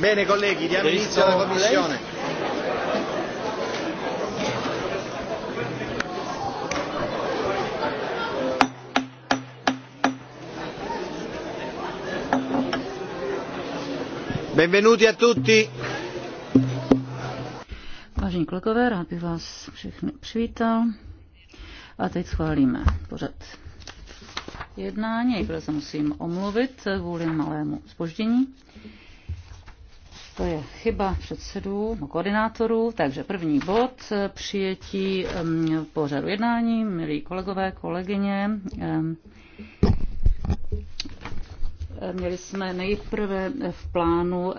Bene colleghi, diamo inizio alla commissione. Benvenuti a tutti. Vážení kolegové, rád bych vás všechny přivítal. A teď schválíme pořad jednání. Nejprve se musím omluvit kvůli malému spoždění. To je chyba předsedů, no, koordinátorů. Takže první bod, přijetí pořadu jednání, milí kolegové, kolegyně. Um, Měli jsme nejprve v plánu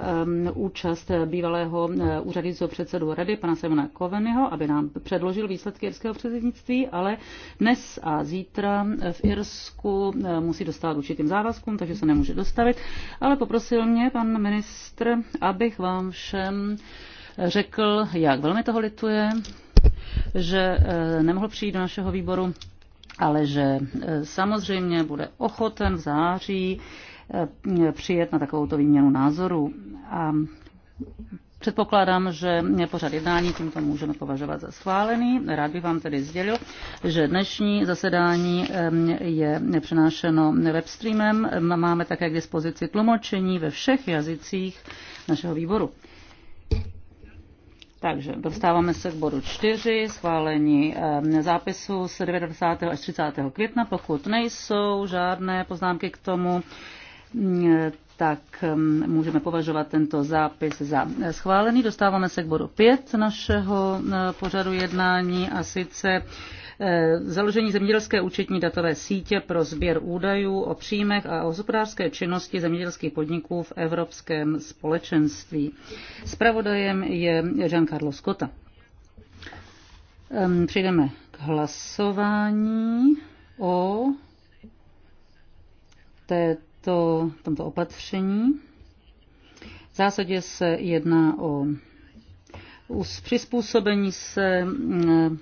účast bývalého úřadujícího předsedu rady, pana Simona Kovenyho, aby nám předložil výsledky irského předsednictví, ale dnes a zítra v Irsku musí dostat určitým závazkům, takže se nemůže dostavit. Ale poprosil mě pan ministr, abych vám všem řekl, jak velmi toho lituje, že nemohl přijít do našeho výboru ale že samozřejmě bude ochoten v září Eh, přijet na takovouto výměnu názorů. A Předpokládám, že pořad jednání tímto můžeme považovat za schválený. Rád bych vám tedy sdělil, že dnešní zasedání eh, je přenášeno webstreamem. Máme také k dispozici tlumočení ve všech jazycích našeho výboru. Takže dostáváme se k bodu 4, schválení eh, zápisu z 29. až 30. května. Pokud nejsou žádné poznámky k tomu, tak um, můžeme považovat tento zápis za schválený. Dostáváme se k bodu 5 našeho uh, pořadu jednání a sice uh, založení zemědělské účetní datové sítě pro sběr údajů o příjmech a o hospodářské činnosti zemědělských podniků v Evropském společenství. Spravodajem je Jean-Carlo Scotta. Um, přejdeme k hlasování o této to tomto opatření. V zásadě se jedná o přizpůsobení se eh,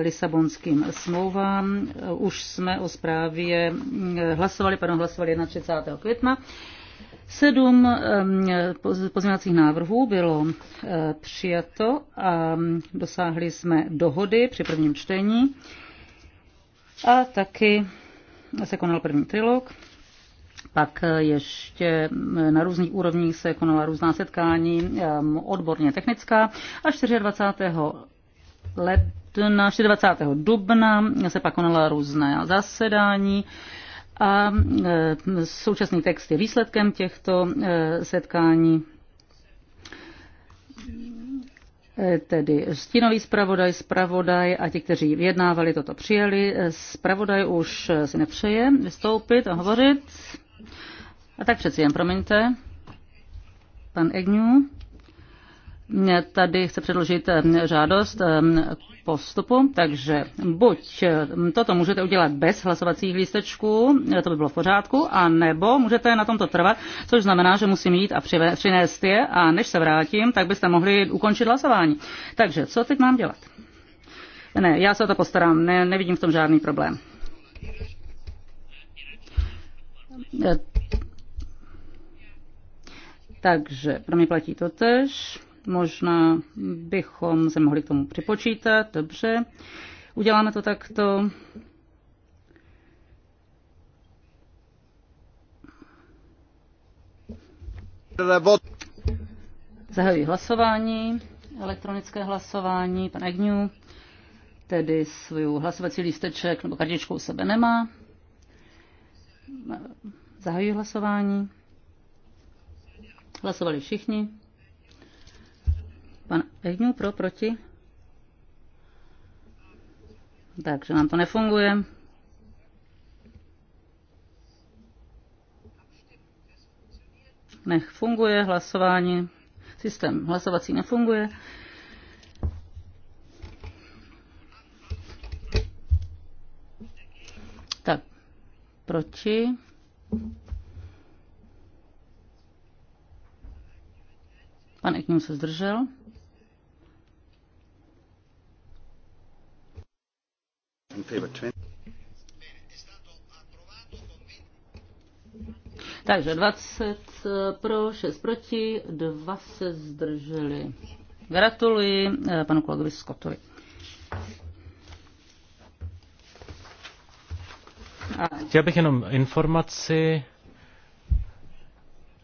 Lisabonským smlouvám. Už jsme o zprávě eh, hlasovali, pardon, hlasovali 31. května. Sedm eh, pozměňovacích návrhů bylo přijato a dosáhli jsme dohody při prvním čtení a taky se konal první trilog pak eh, ještě eh, na různých úrovních se konala různá setkání ehm, odborně technická a 24. ledna, 24. dubna se pak konala různé zasedání a eh, současný text je výsledkem těchto setkání tedy stínový zpravodaj, zpravodaj a ti, kteří vyjednávali, toto přijeli. Zpravodaj už si nepřeje vystoupit a hovořit. A tak přeci jen promiňte, pan Egnu tady chce předložit eh, žádost eh, postupu, takže buď eh, toto můžete udělat bez hlasovacích lístečků, to by bylo v pořádku, a nebo můžete na tomto trvat, což znamená, že musím jít a přinést je a než se vrátím, tak byste mohli ukončit hlasování. Takže co teď mám dělat? Ne, já se o to postarám, ne, nevidím v tom žádný problém takže pro mě platí to tež. Možná bychom se mohli k tomu připočítat. Dobře. Uděláme to takto. Zahajuji hlasování, elektronické hlasování, pan Agnew, tedy svůj hlasovací lísteček nebo kartičku u sebe nemá. Zahajuji hlasování. Hlasovali všichni. Pan Egnu pro, proti. Takže nám to nefunguje. Nech funguje hlasování. Systém hlasovací nefunguje. Tak, proti. Pan Ekňum se zdržel. Takže 20 eh, pro, 6 proti, 2 se zdrželi. Gratuluji eh, panu kolegovi Scottovi. Chtěl bych jenom informaci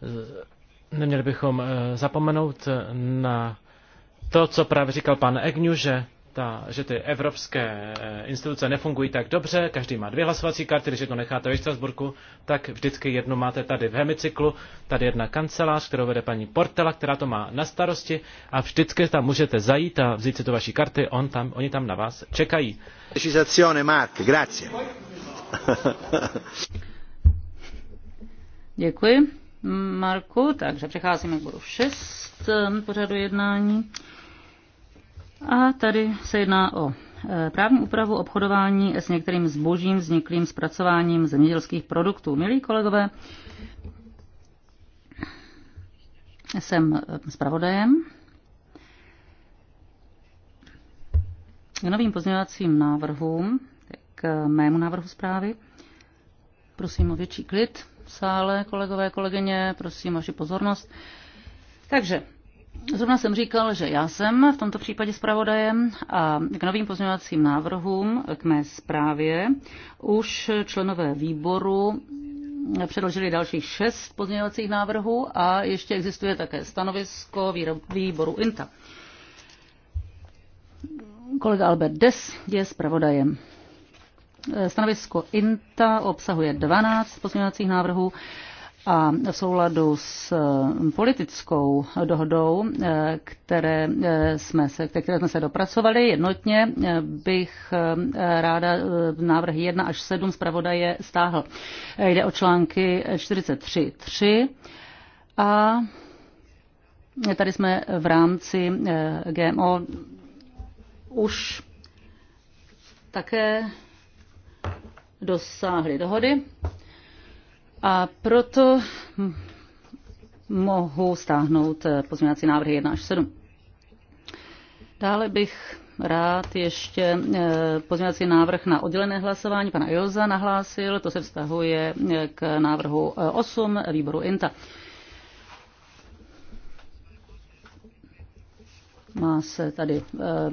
eh, Neměli bychom eh, zapomenout eh, na to, co právě říkal pan Egňu, že, ta, že ty evropské eh, instituce nefungují tak dobře, každý má dvě hlasovací karty, když jedno necháte ve Štrasburku, tak vždycky jednu máte tady v hemicyklu, tady jedna kancelář, kterou vede paní Portela, která to má na starosti a vždycky tam můžete zajít a vzít si tu vaší karty, on tam, oni tam na vás čekají. Mark, Děkuji. Marku, takže přecházíme k bodu 6 ehm, pořadu jednání. A tady se jedná o e, právní úpravu obchodování s některým zbožím vzniklým zpracováním zemědělských produktů. Milí kolegové, jsem ehm, zpravodajem k novým pozměňovacím návrhům, k mému návrhu zprávy. Prosím o větší klid v sále, kolegové, kolegyně, prosím vaši pozornost. Takže Zrovna jsem říkal, že já jsem v tomto případě zpravodajem a k novým pozměňovacím návrhům k mé zprávě už členové výboru předložili dalších šest pozměňovacích návrhů a ještě existuje také stanovisko výboru INTA. Kolega Albert Des je zpravodajem. Stanovisko INTA obsahuje 12 pozměňovacích návrhů a v souladu s eh, politickou dohodou, eh, které eh, jsme se, které jsme se dopracovali jednotně, bych ráda návrhy 1 až 7 zpravodaje stáhl. Jde o články 43.3 a tady jsme v rámci GMO už také dosáhli dohody a proto mohu stáhnout eh, pozměňovací návrhy 1 až 7. Dále bych rád ještě eh, pozměňovací návrh na oddělené hlasování pana Joza nahlásil. To se vztahuje eh, k návrhu 8 výboru INTA. Má se tady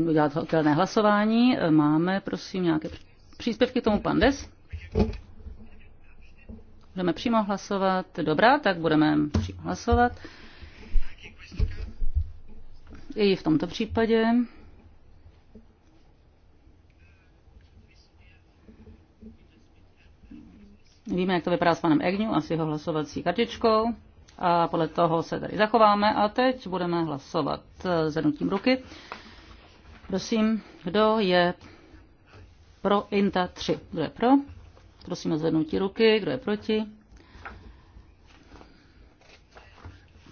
udělat oddělené hlasování. Máme, prosím, nějaké příspěvky k tomu pan Des? Budeme přímo hlasovat. Dobrá, tak budeme přímo hlasovat. I v tomto případě. Víme, jak to vypadá s panem Egňu a s jeho hlasovací kartičkou. A podle toho se tady zachováme. A teď budeme hlasovat zhrnutím ruky. Prosím, kdo je pro INTA 3? Kdo je pro? Prosím o zvednutí ruky, kdo je proti.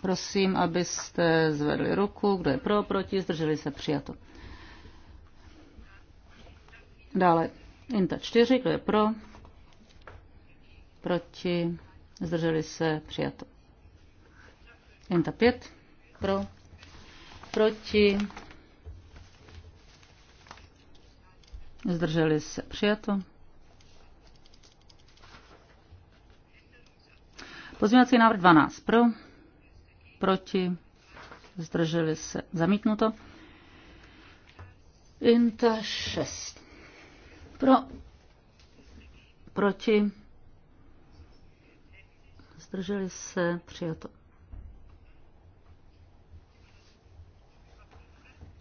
Prosím, abyste zvedli ruku, kdo je pro, proti, zdrželi se, přijato. Dále INTA 4, kdo je pro, proti, zdrželi se, přijato. INTA 5, pro, proti, zdrželi se, přijato. Pozměňovací návrh 12 pro, proti, zdrželi se, zamítnuto. Inta 6 pro, proti, zdrželi se, přijato.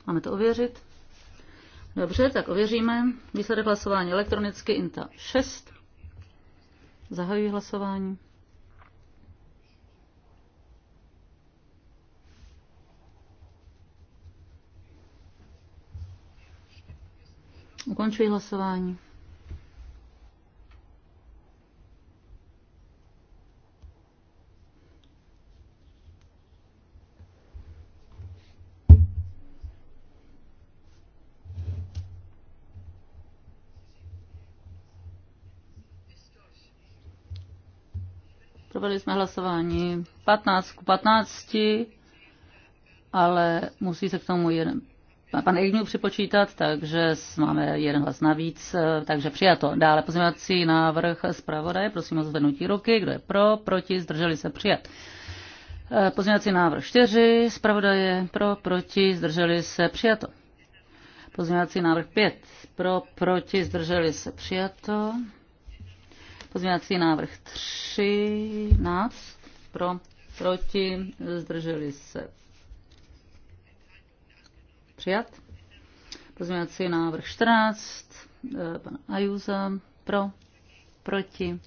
Máme to ověřit? Dobře, tak ověříme. Výsledek hlasování elektronicky INTA 6. Zahajuji hlasování. Ukončuji hlasování. Provedli jsme hlasování 15 k 15, ale musí se k tomu jeden pan Egnu připočítat, takže máme jeden hlas navíc, eh, takže přijato. Dále pozměňovací návrh zpravodaje, prosím o zvednutí ruky, kdo je pro, proti, zdrželi se přijat. Eh, pozměňovací návrh 4, zpravodaje pro, proti, zdrželi se přijato. Pozměňovací návrh 5, pro, proti, zdrželi se přijato. Pozměňovací návrh 13, pro, proti, zdrželi se Přijat. Pozměňovací návrh 14, eh, pan Ajuza, pro, proti,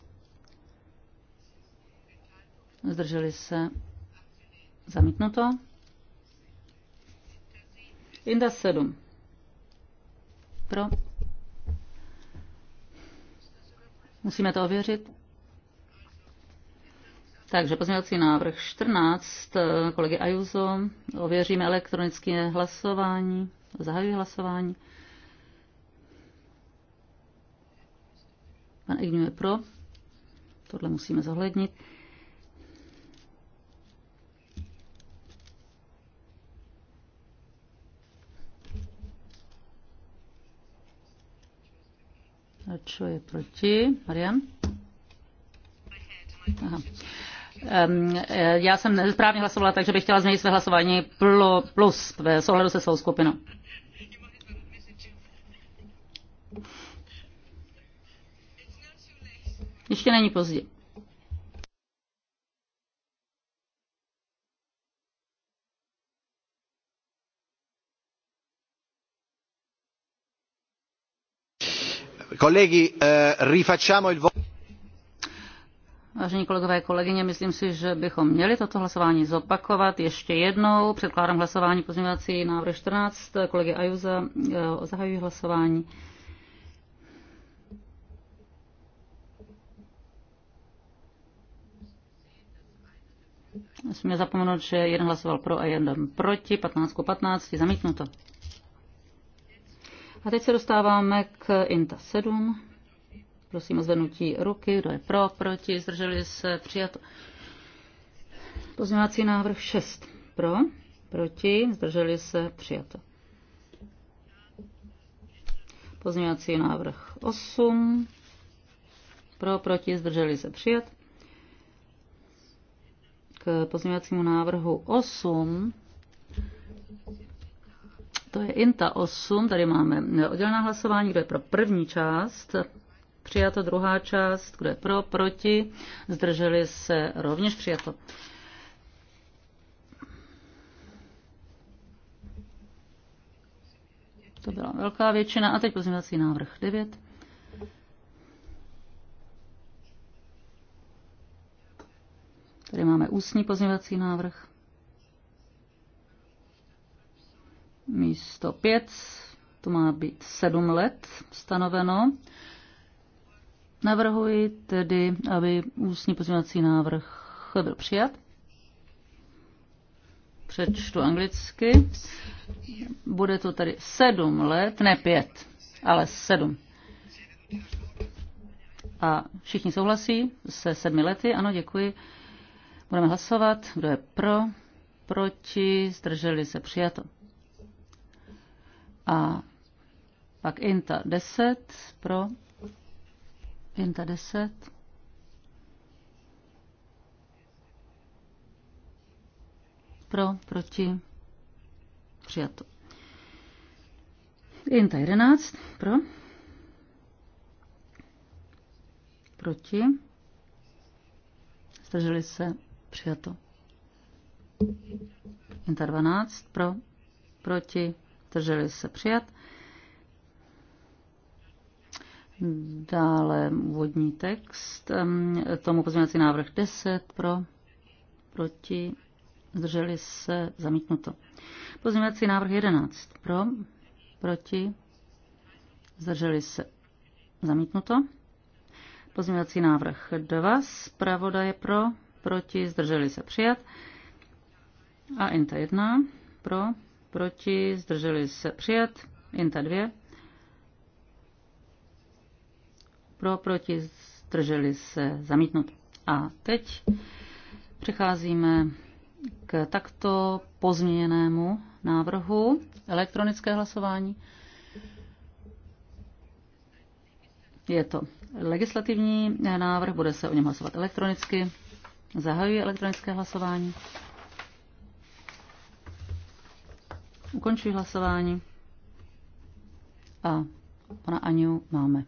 zdrželi se, zamítnuto. Inda 7, pro. Musíme to ověřit. Takže pozměňovací návrh 14 eh, kolegy Ajuzo. Ověříme elektronické hlasování. Zahajuji hlasování. Pan Ignu je pro. Tohle musíme zohlednit. A čo je proti? Marian? Aha. Ehm, eh, já jsem správně hlasovala, takže bych chtěla změnit své hlasování plus ve souhledu se svou skupinou. Ještě není pozdě. Colleghi, eh, rifacciamo il voto. Vážení kolegové, kolegyně, myslím si, že bychom měli toto hlasování zopakovat ještě jednou. Předkládám hlasování pozměňovací návrh 14 kolegy Ajuza. Eh, zahajují hlasování. Musíme zapomenout, že jeden hlasoval pro a jeden proti, 15 ku 15, zamítnuto. A teď se dostáváme k INTA 7. Prosím o zvednutí ruky, kdo je pro, proti, zdrželi se, přijat. Pozměňovací návrh 6. Pro, proti, zdrželi se, přijato. Pozměňovací návrh 8. Pro, proti, zdrželi se, přijat. K pozměňovacímu návrhu 8 to je INTA 8, tady máme oddělená hlasování, kdo je pro první část, přijato. Druhá část, kdo je pro, proti, zdrželi se rovněž přijato. To byla velká většina. A teď pozměňovací návrh 9. Tady máme ústní pozměňovací návrh. Místo 5, to má být 7 let stanoveno. Navrhuji tedy, aby ústní pozměňovací návrh byl přijat. Přečtu anglicky. Bude to tady sedm let, ne pět, ale sedm. A všichni souhlasí se sedmi lety? Ano, děkuji. Budeme hlasovat. Kdo je pro? Proti? Zdrželi se? Přijato. A pak INTA 10 pro, Inta Pro, proti, přijato. Inta 11. Pro. Proti. Zdrželi se. Přijato. Inta 12 pro, proti, zdrželi se přijat. Dále úvodní text, tomu pozměňovací návrh 10 pro, proti, zdrželi se, zamítnuto. Pozměňovací návrh 11 pro, proti, zdrželi se, zamítnuto. Pozměňovací návrh 2, zpravoda je pro, proti, zdrželi se, přijat. A INTA 1 pro, proti, zdrželi se, přijat. INTA 2 pro, proti, zdrželi se, zamítnut. A teď přecházíme k takto pozměněnému návrhu elektronické hlasování. Je to legislativní návrh, bude se o něm hlasovat elektronicky. Zahajuji elektronické hlasování. Ukončuji hlasování. A pana Aniu máme.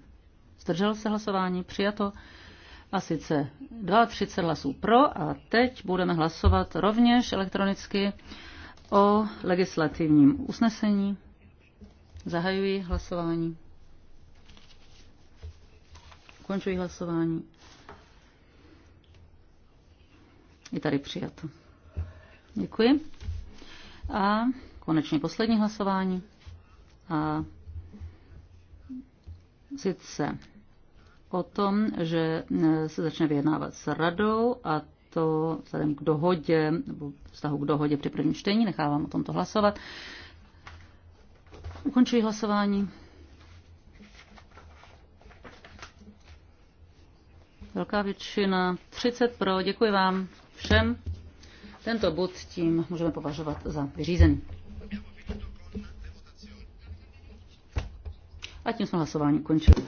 Zdržel se hlasování? Přijato. A sice 32 hlasů pro a teď budeme hlasovat rovněž elektronicky o legislativním usnesení. Zahajuji hlasování. Končuji hlasování. Je tady přijato. Děkuji. A konečně poslední hlasování. A sice o tom, že eh, se začne vyjednávat s radou a to vzhledem k dohodě, nebo vztahu k dohodě při prvním čtení, nechávám o tomto hlasovat. Ukončuji hlasování. Velká většina, 30 pro, děkuji vám všem. Tento bod tím můžeme považovat za vyřízený. A tím jsme hlasování končili.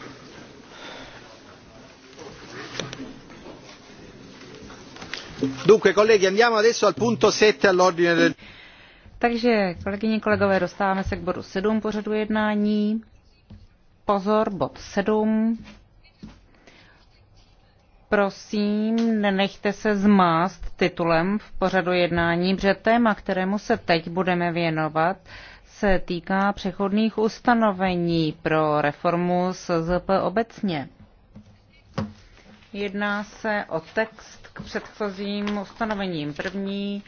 Takže, kolegyně, kolegové, dostáváme se k bodu sedm pořadu jednání. Pozor, bod sedm. Prosím, nenechte se zmást titulem v pořadu jednání, protože téma, kterému se teď budeme věnovat, se týká přechodných ustanovení pro reformu SZP obecně. Jedná se o text k předchozím ustanovením. První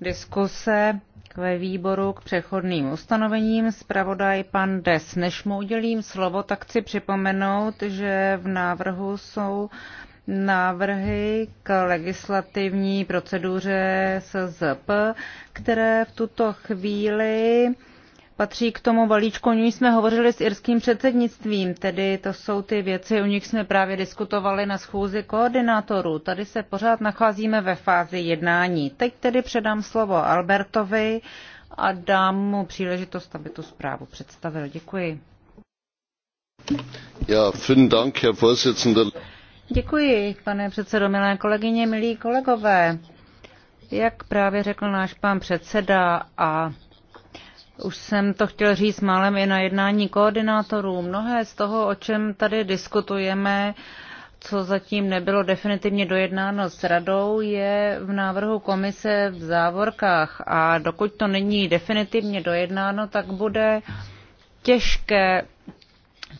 diskuse ve výboru k přechodným ustanovením. Zpravodaj pan Des. Než mu udělím slovo, tak chci připomenout, že v návrhu jsou návrhy k legislativní proceduře SZP, které v tuto chvíli patří k tomu balíčku, o něm jsme hovořili s irským předsednictvím, tedy to jsou ty věci, o nich jsme právě diskutovali na schůzi koordinátorů. Tady se pořád nacházíme ve fázi jednání. Teď tedy předám slovo Albertovi a dám mu příležitost, aby tu zprávu představil. Děkuji. Já, vielen Dank, Herr Vorsitzender. Děkuji, pane předsedo, milé kolegyně, milí kolegové. Jak právě řekl náš pan předseda a už jsem to chtěl říct málem i na jednání koordinátorů. Mnohé z toho, o čem tady diskutujeme, co zatím nebylo definitivně dojednáno s radou, je v návrhu komise v závorkách a dokud to není definitivně dojednáno, tak bude těžké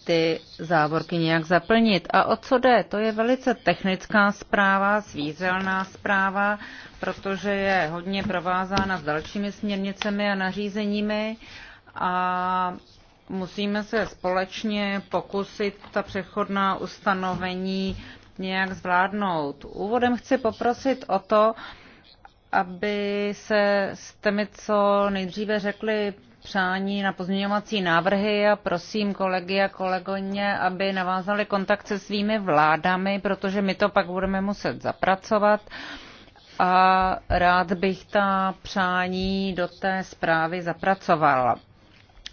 ty závorky nějak zaplnit. A o co jde? To je velice technická zpráva, svízelná zpráva, protože je hodně provázána s dalšími směrnicemi a nařízeními a musíme se společně pokusit ta přechodná ustanovení nějak zvládnout. Úvodem chci poprosit o to, aby se s těmi, co nejdříve řekli přání na pozměňovací návrhy a prosím kolegy a kolegoně, aby navázali kontakt se svými vládami, protože my to pak budeme muset zapracovat. Uh, a rád bych ta přání do té zprávy zapracoval.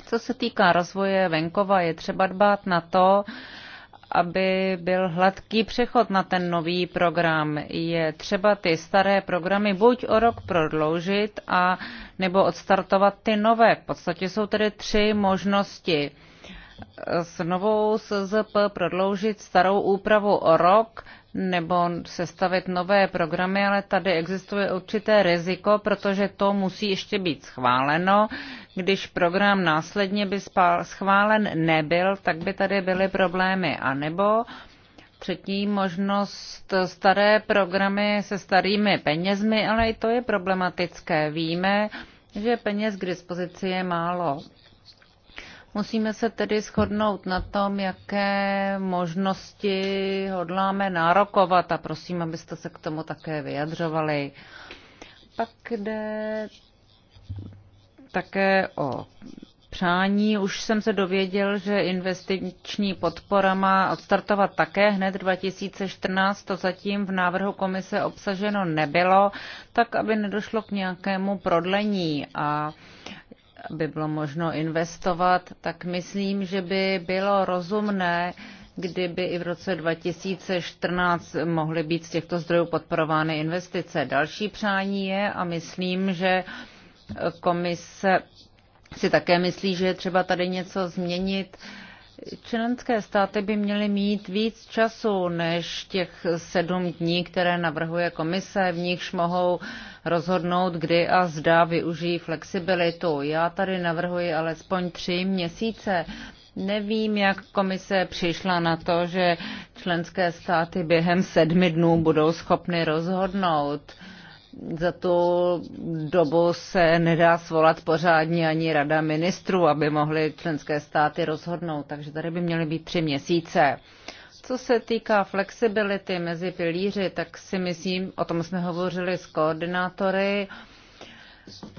Co se týká rozvoje venkova, je třeba dbát na to, aby byl hladký přechod na ten nový program. Je třeba ty staré programy buď o rok prodloužit a nebo odstartovat ty nové. V podstatě jsou tedy tři možnosti. S novou SZP prodloužit starou úpravu o rok, nebo sestavit nové programy, ale tady existuje určité riziko, protože to musí ještě být schváleno. Když program následně by schválen nebyl, tak by tady byly problémy. A nebo třetí možnost staré programy se starými penězmi, ale i to je problematické. Víme, že peněz k dispozici je málo. Musíme se tedy shodnout na tom, jaké možnosti hodláme nárokovat a prosím, abyste se k tomu také vyjadřovali. Pak jde také o přání. Už jsem se dověděl, že investiční podpora má odstartovat také hned 2014. To zatím v návrhu komise obsaženo nebylo, tak aby nedošlo k nějakému prodlení. A by bylo možno investovat, tak myslím, že by bylo rozumné, kdyby i v roce 2014 mohly být z těchto zdrojů podporovány investice. Další přání je a myslím, že komise si také myslí, že je třeba tady něco změnit. Členské státy by měly mít víc času než těch sedm dní, které navrhuje komise, v nichž mohou rozhodnout, kdy a zda využijí flexibilitu. Já tady navrhuji alespoň tři měsíce. Nevím, jak komise přišla na to, že členské státy během sedmi dnů budou schopny rozhodnout. Uh, za tu dobu se nedá svolat pořádně ani rada ministrů, aby mohly členské státy rozhodnout, takže tady by měly být tři měsíce. Co se týká flexibility mezi pilíři, tak si myslím, o tom jsme hovořili s koordinátory,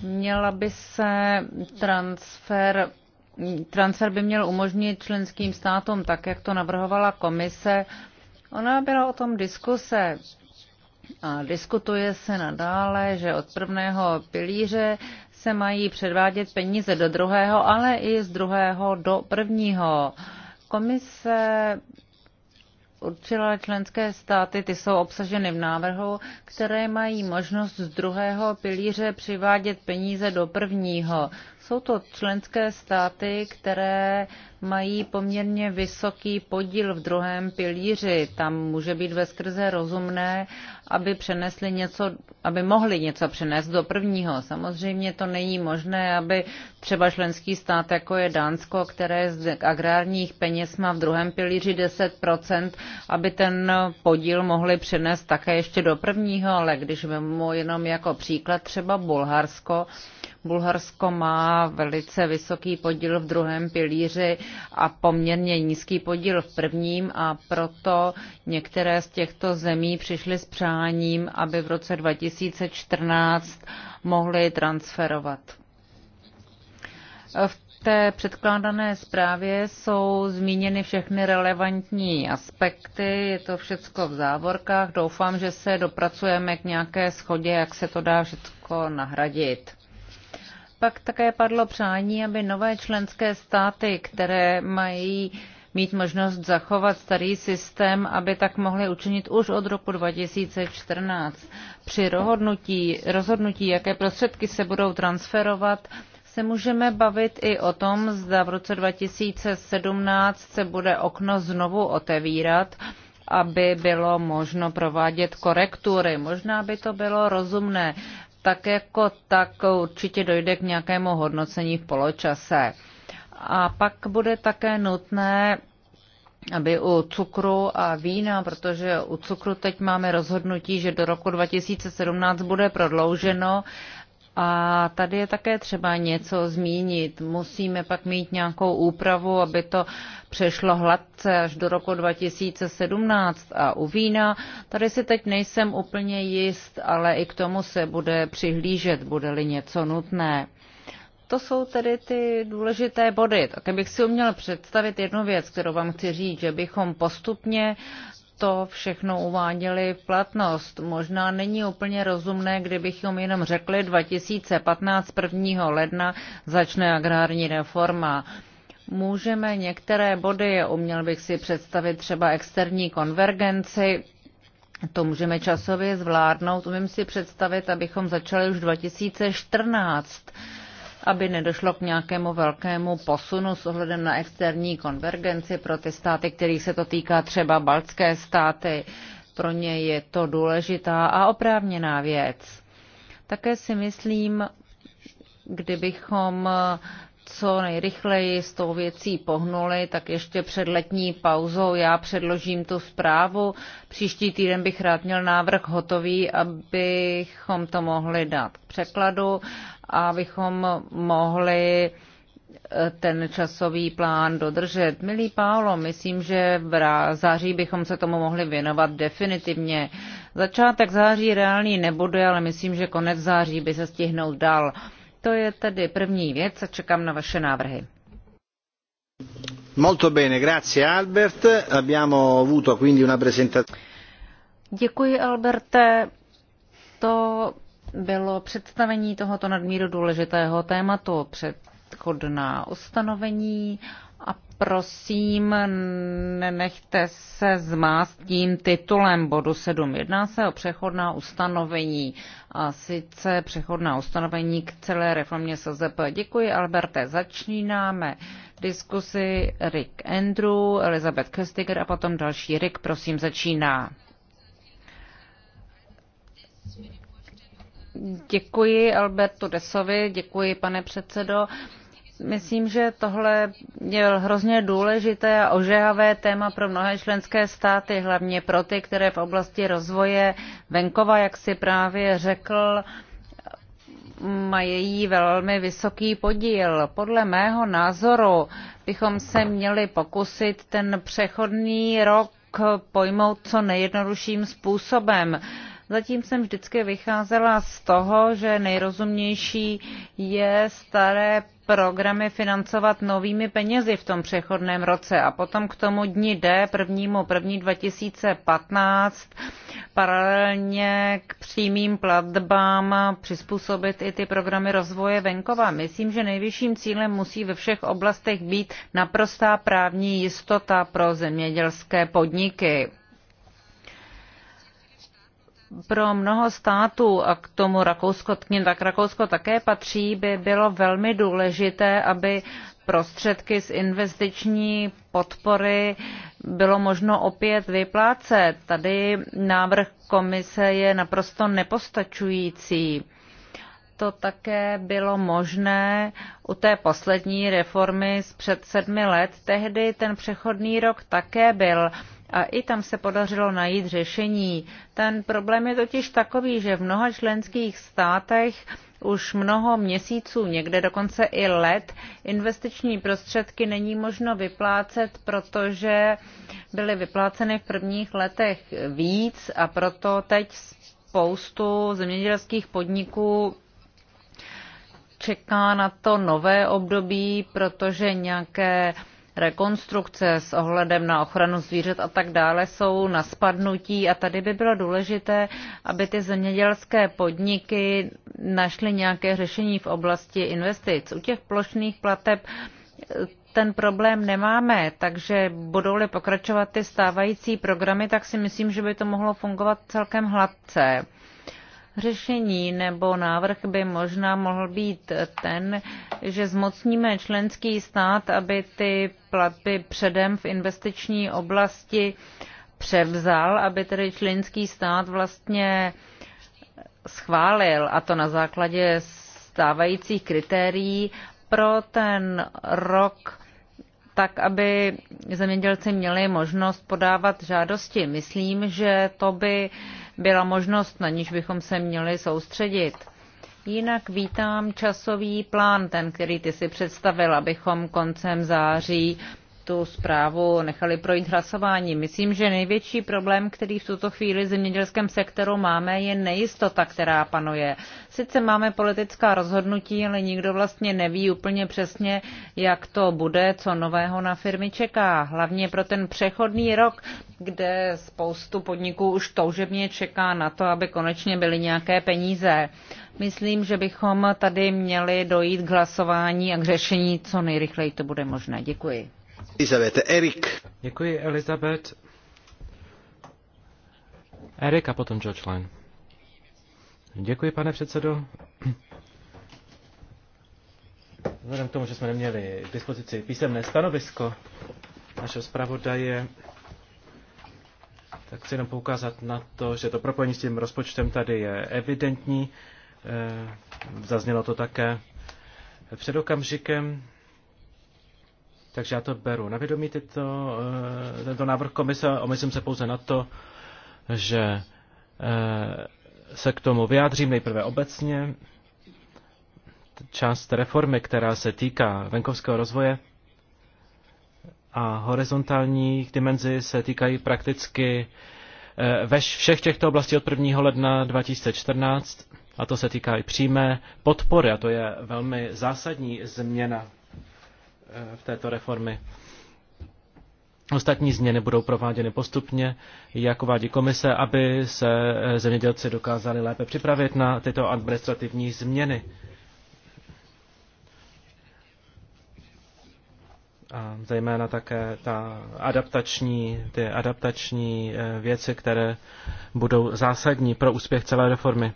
měla by se transfer transfer by měl umožnit členským státům, tak jak to navrhovala komise. Ona byla o tom diskuse a diskutuje se nadále, že od prvného pilíře se mají předvádět peníze do druhého, ale i z druhého do prvního. Komise určila členské státy, ty jsou obsaženy v návrhu, které mají možnost z druhého pilíře přivádět peníze do prvního. Jsou to členské státy, které mají poměrně vysoký podíl v druhém pilíři. Tam může být ve skrze rozumné, aby přenesli něco, aby mohli něco přenést do prvního. Samozřejmě to není možné, aby třeba členský stát, jako je Dánsko, které z agrárních peněz má v druhém pilíři 10%, aby ten podíl mohli přenést také ještě do prvního, ale když vemu jenom jako příklad třeba Bulharsko, Bulharsko má velice vysoký podíl v druhém pilíři a poměrně nízký podíl v prvním a proto některé z těchto zemí přišly s přáním, aby v roce 2014 mohly transferovat. V té předkládané zprávě jsou zmíněny všechny relevantní aspekty, je to všecko v závorkách. Doufám, že se dopracujeme k nějaké schodě, jak se to dá všechno nahradit. Pak také padlo přání, aby nové členské státy, které mají mít možnost zachovat starý systém, aby tak mohli učinit už od roku 2014. Při rozhodnutí, rozhodnutí jaké prostředky se budou transferovat, se můžeme bavit i o tom, zda v roce 2017 se bude okno znovu otevírat, aby bylo možno provádět korektury. Možná by to bylo rozumné tak jako tak určitě dojde k nějakému hodnocení v poločase. A pak bude také nutné, aby u cukru a vína, protože u cukru teď máme rozhodnutí, že do roku 2017 bude prodlouženo, a tady je také třeba něco zmínit. Musíme pak mít nějakou úpravu, aby to přešlo hladce až do roku 2017. A u vína, tady si teď nejsem úplně jist, ale i k tomu se bude přihlížet, bude-li něco nutné. To jsou tedy ty důležité body. Tak bych si uměl představit jednu věc, kterou vám chci říct, že bychom postupně to všechno uváděli v platnost. Možná není úplně rozumné, kdybychom jenom řekli 2015 1. ledna začne agrární reforma. Můžeme některé body, uměl bych si představit třeba externí konvergenci, to můžeme časově zvládnout. Umím si představit, abychom začali už 2014 aby nedošlo k nějakému velkému posunu s ohledem na externí konvergenci pro ty státy, kterých se to týká třeba baltské státy. Pro ně je to důležitá a oprávněná věc. Také si myslím, kdybychom co nejrychleji s tou věcí pohnuli, tak ještě před letní pauzou já předložím tu zprávu. Příští týden bych rád měl návrh hotový, abychom to mohli dát k překladu a abychom mohli eh, ten časový plán dodržet. Milý Pálo, myslím, že v září bychom se tomu mohli věnovat definitivně. Začátek září reálný nebude, ale myslím, že konec září by se stihnout dal. To je tedy první věc a čekám na vaše návrhy. Molto bene, grazie Albert. Abbiamo avuto quindi una presentazione. Děkuji, Alberte. To bylo představení tohoto nadmíru důležitého tématu. Předchodná ustanovení a prosím, nenechte se zmást tím titulem bodu 7. Jedná se o přechodná ustanovení a sice přechodná ustanovení k celé reformě SZP. Děkuji, Alberte. Začínáme diskusi Rick Andrew, Elizabeth Köstiger a potom další Rick. Prosím, začíná. Děkuji Albertu Desovi, děkuji pane předsedo. Myslím, že tohle je hrozně důležité a ožehavé téma pro mnohé členské státy, hlavně pro ty, které v oblasti rozvoje venkova, jak si právě řekl, mají velmi vysoký podíl. Podle mého názoru bychom se měli pokusit ten přechodný rok pojmout co nejjednodušším způsobem Zatím jsem vždycky vycházela z toho, že nejrozumnější je staré programy financovat novými penězi v tom přechodném roce a potom k tomu dní D, prvnímu první 2015, paralelně k přímým platbám přizpůsobit i ty programy rozvoje venkova. Myslím, že nejvyšším cílem musí ve všech oblastech být naprostá právní jistota pro zemědělské podniky pro mnoho států, a k tomu Rakousko, k ním tak Rakousko také patří, by bylo velmi důležité, aby prostředky z investiční podpory bylo možno opět vyplácet. Tady návrh komise je naprosto nepostačující. To také bylo možné u té poslední reformy z před sedmi let. Tehdy ten přechodný rok také byl a i tam se podařilo najít řešení. Ten problém je totiž takový, že v mnoha členských státech už mnoho měsíců, někde dokonce i let, investiční prostředky není možno vyplácet, protože byly vypláceny v prvních letech víc a proto teď spoustu zemědělských podniků čeká na to nové období, protože nějaké rekonstrukce s ohledem na ochranu zvířat a tak dále jsou na spadnutí a tady by bylo důležité, aby ty zemědělské podniky našly nějaké řešení v oblasti investic. U těch plošných plateb eh, ten problém nemáme, takže budou-li pokračovat ty stávající programy, tak si myslím, že by to mohlo fungovat celkem hladce. Řešení nebo návrh by možná mohl být ten, že zmocníme členský stát, aby ty platby předem v investiční oblasti převzal, aby tedy členský stát vlastně schválil, a to na základě stávajících kritérií pro ten rok, tak aby zemědělci měli možnost podávat žádosti. Myslím, že to by uh, byla možnost, na níž bychom se měli soustředit. Jinak vítám časový plán, ten, který ty si představil, abychom koncem září tu zprávu nechali projít hlasování. Myslím, že největší problém, který v tuto chvíli v zemědělském sektoru máme, je nejistota, která panuje. Sice máme politická rozhodnutí, ale nikdo vlastně neví úplně přesně, jak to bude, co nového na firmy čeká. Hlavně pro ten přechodný rok, kde spoustu podniků už toužebně čeká na to, aby konečně byly nějaké peníze. Myslím, že bychom tady měli dojít k hlasování a k řešení co nejrychleji to bude možné. Děkuji. Elisabeth Erik. Děkuji, Elisabeth Erik a potom George Line. Děkuji, pane předsedo. Vzhledem k tomu, že jsme neměli k dispozici písemné stanovisko našeho zpravodaje, tak chci jenom poukázat na to, že to propojení s tím rozpočtem tady je evidentní. Eh, zaznělo to také před okamžikem. Takže já to beru na vědomí, tyto, eh, tento návrh komise, omezím se pouze na to, že eh, se k tomu vyjádřím nejprve obecně. Část reformy, která se týká venkovského rozvoje a horizontálních dimenzí se týkají prakticky eh, ve všech těchto oblastí od 1. ledna 2014 a to se týká i přímé podpory a to je velmi zásadní změna v této reformy. Ostatní změny budou prováděny postupně, jak uvádí komise, aby se eh, zemědělci dokázali lépe připravit na tyto administrativní změny. A zejména také ta adaptační, ty adaptační eh, věci, které budou zásadní pro úspěch celé reformy.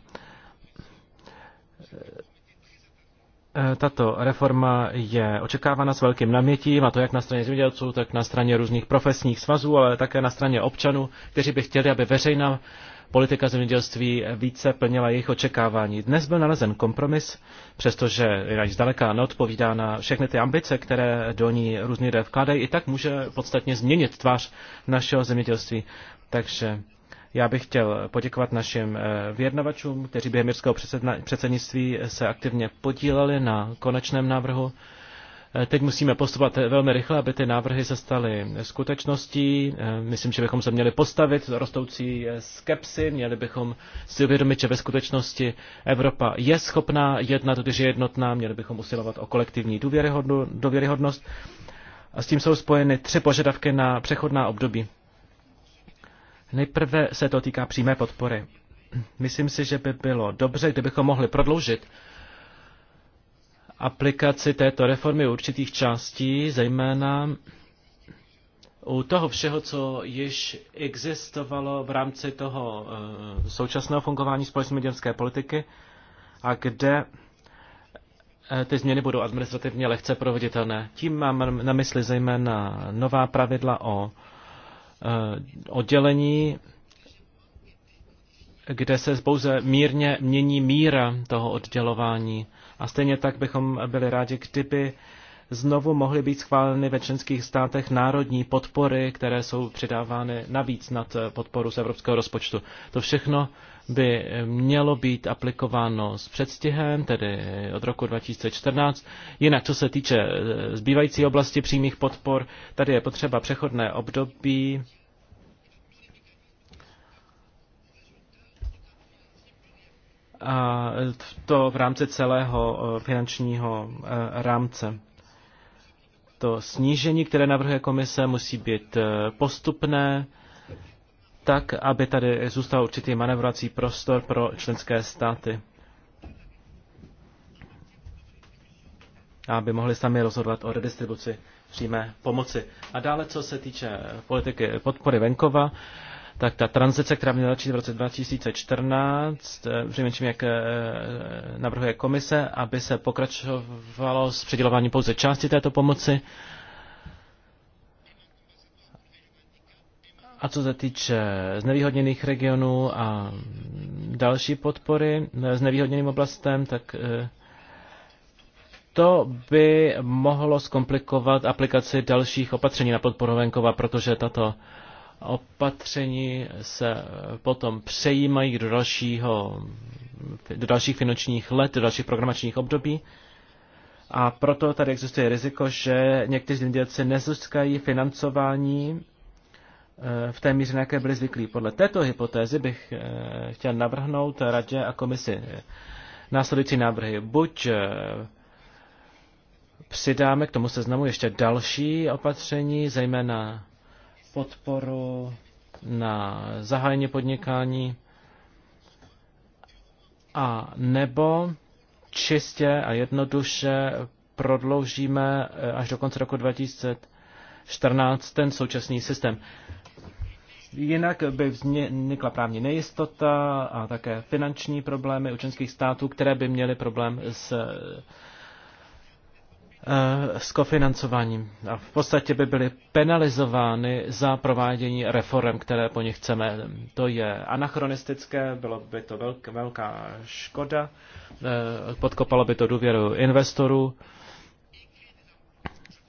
Eh, tato reforma je očekávána s velkým namětím, a to jak na straně zemědělců, tak na straně různých profesních svazů, ale také na straně občanů, kteří by chtěli, aby veřejná politika zemědělství více plnila jejich očekávání. Dnes byl nalezen kompromis, přestože až zdaleka neodpovídá na všechny ty ambice, které do ní různě lidé vkládají, i tak může podstatně změnit tvář našeho zemědělství. Takže já bych chtěl poděkovat našim eh, vyjednavačům, kteří během jirského předsednictví se aktivně podíleli na konečném návrhu. Eh, teď musíme postupovat velmi rychle, aby ty návrhy se staly skutečností. Eh, myslím, že bychom se měli postavit rostoucí skepsy, měli bychom si uvědomit, že ve skutečnosti Evropa je schopná jednat, když je jednotná, měli bychom usilovat o kolektivní důvěryhodnost. A s tím jsou spojeny tři požadavky na přechodná období. Nejprve se to týká přímé podpory. Myslím si, že by bylo dobře, kdybychom mohli prodloužit aplikaci této reformy určitých částí, zejména u toho všeho, co již existovalo v rámci toho eh, současného fungování společné mědělské politiky a kde eh, ty změny budou administrativně lehce proveditelné. Tím mám na mysli zejména nová pravidla o Eh, oddělení, kde se pouze mírně mění míra toho oddělování. A stejně tak bychom byli rádi, kdyby znovu mohly být schváleny ve členských státech národní podpory, které jsou přidávány navíc nad eh, podporu z evropského rozpočtu. To všechno by mělo být aplikováno s předstihem, tedy od roku 2014. Jinak, co se týče eh, zbývající oblasti přímých podpor, tady je potřeba přechodné období. A to v rámci celého eh, finančního eh, rámce. To snížení, které navrhuje komise, musí být postupné tak, aby tady zůstal určitý manevrací prostor pro členské státy. aby mohli sami rozhodovat o redistribuci přímé pomoci. A dále, co se týče politiky podpory venkova, tak ta tranzice, která měla začít v roce 2014, eh, přinejmenším jak eh, navrhuje komise, aby se pokračovalo s předělováním pouze části této pomoci A co se týče znevýhodněných regionů a další podpory znevýhodněným oblastem, tak eh, to by mohlo zkomplikovat aplikaci dalších opatření na podporu venkova, protože tato opatření se potom přejímají do, dalšího, do dalších finančních let, do dalších programačních období. A proto tady existuje riziko, že někteří zemědělci nezískají financování v té míře, na jaké byli zvyklí. Podle této hypotézy bych eh, chtěl navrhnout radě a komisi eh, následující návrhy. Buď eh, přidáme k tomu seznamu ještě další opatření, zejména podporu na zahájení podnikání, a nebo čistě a jednoduše prodloužíme až do konce roku 2014 ten současný systém. Jinak by vznikla právní nejistota a také finanční problémy u členských států, které by měly problém s, eh, s kofinancováním. A v podstatě by byly penalizovány za provádění reform, které po nich chceme. To je anachronistické, bylo by to velk, velká škoda, eh, podkopalo by to důvěru investorů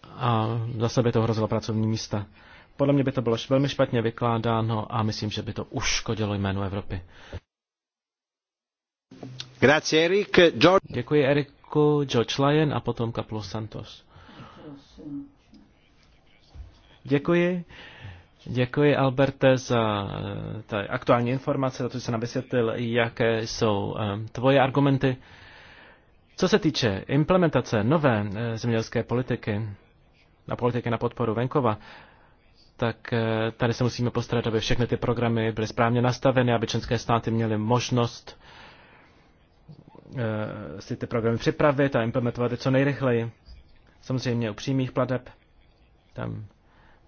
a zase by to hrozilo pracovní místa. Podle mě by to bylo velmi špatně vykládáno a myslím, že by to uškodilo jménu Evropy. Grazie, Eric. George... Děkuji Eriku, George Lyon a potom Kaplo Santos. Děkuji. Děkuji, Alberte, za eh, ty aktuální informace, za to, že jsi nám vysvětlil, jaké jsou eh, tvoje argumenty. Co se týče implementace nové eh, zemědělské politiky na politiky na podporu venkova, tak eh, tady se musíme postarat, aby všechny ty programy byly správně nastaveny, aby členské státy měly možnost eh, si ty programy připravit a implementovat je co nejrychleji. Samozřejmě u přímých plateb, tam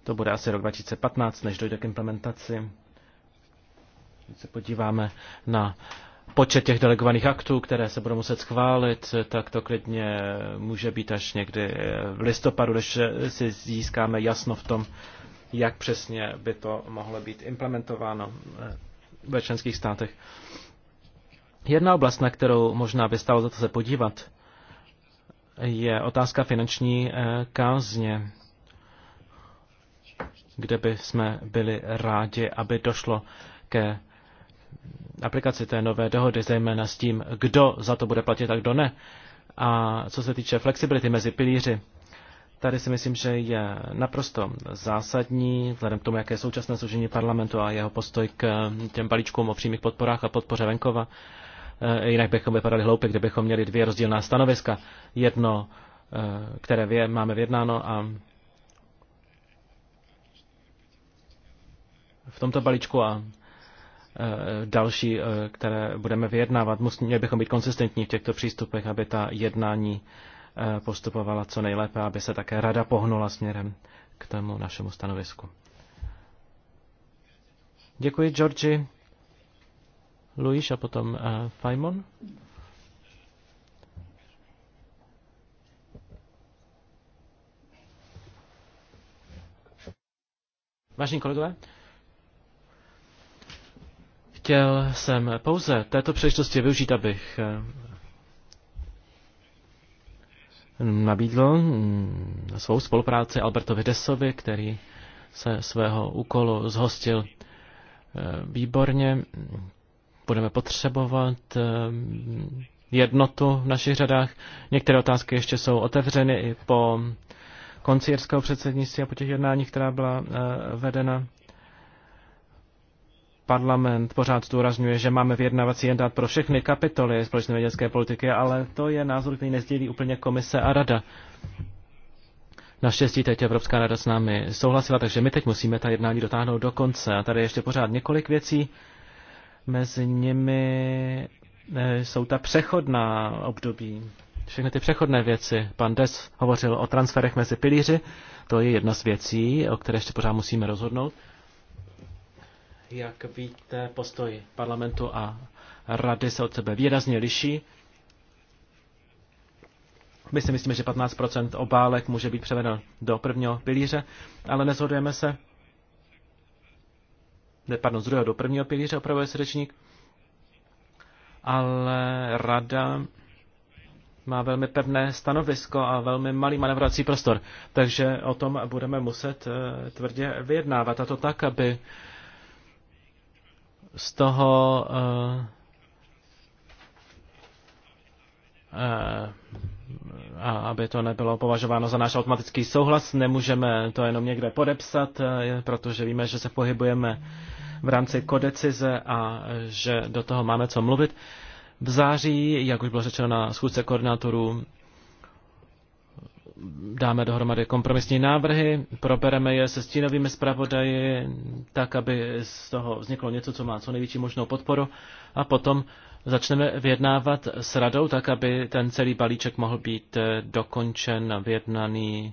to bude asi rok 2015, než dojde k implementaci. Když se podíváme na počet těch delegovaných aktů, které se budou muset schválit, tak to klidně může být až někdy v listopadu, když si získáme jasno v tom, jak přesně by to mohlo být implementováno eh, ve členských státech. Jedna oblast, na kterou možná by stalo za to se podívat, je otázka finanční eh, kázně, kde by jsme byli rádi, aby došlo ke aplikaci té nové dohody, zejména s tím, kdo za to bude platit a kdo ne. A co se týče flexibility mezi pilíři, Tady si myslím, že je naprosto zásadní, vzhledem k tomu, jaké je současné složení parlamentu a jeho postoj k těm balíčkům o přímých podporách a podpoře venkova. Eh, jinak bychom vypadali hloupě, kdybychom měli dvě rozdílná stanoviska. Jedno, eh, které máme vyjednáno a v tomto balíčku a eh, další, které budeme vyjednávat. Měli bychom být konsistentní v těchto přístupech, aby ta jednání postupovala co nejlépe, aby se také rada pohnula směrem k tomu našemu stanovisku. Děkuji, Georgi. Luis a potom uh, Fajmon. Vážení kolegové, chtěl jsem pouze této příležitosti využít, abych eh, nabídl mm, svou spolupráci Albertovi Desovi, který se svého úkolu zhostil eh, výborně. Budeme potřebovat eh, jednotu v našich řadách. Některé otázky ještě jsou otevřeny i po konci jirského předsednictví a po těch jednáních, která byla eh, vedena Parlament pořád zdůrazňuje, že máme vyjednavací jednat pro všechny kapitoly společné vědecké politiky, ale to je názor, který nezdílí úplně komise a rada. Naštěstí teď Evropská rada s námi souhlasila, takže my teď musíme ta jednání dotáhnout do konce. A tady ještě pořád několik věcí. Mezi nimi eh, jsou ta přechodná období. Všechny ty přechodné věci. Pan Des hovořil o transferech mezi pilíři. To je jedna z věcí, o které ještě pořád musíme rozhodnout. Jak víte, postoj parlamentu a rady se od sebe výrazně liší. My si myslíme, že 15% obálek může být převeden do prvního pilíře, ale nezhodujeme se, ne, pardon, z druhého do prvního pilíře, opravuje se řečník, ale rada má velmi pevné stanovisko a velmi malý manevrací prostor. Takže o tom budeme muset eh, tvrdě vyjednávat. A to tak, aby z toho eh, eh, a aby to nebylo považováno za náš automatický souhlas, nemůžeme to jenom někde podepsat, eh, protože víme, že se pohybujeme v rámci kodecize a že do toho máme co mluvit. V září, jak už bylo řečeno na schůzce koordinátorů, dáme dohromady kompromisní návrhy, probereme je se stínovými zpravodaji, tak, aby z toho vzniklo něco, co má co největší možnou podporu a potom začneme vyjednávat s radou, tak, aby ten celý balíček mohl být eh, dokončen, vyjednaný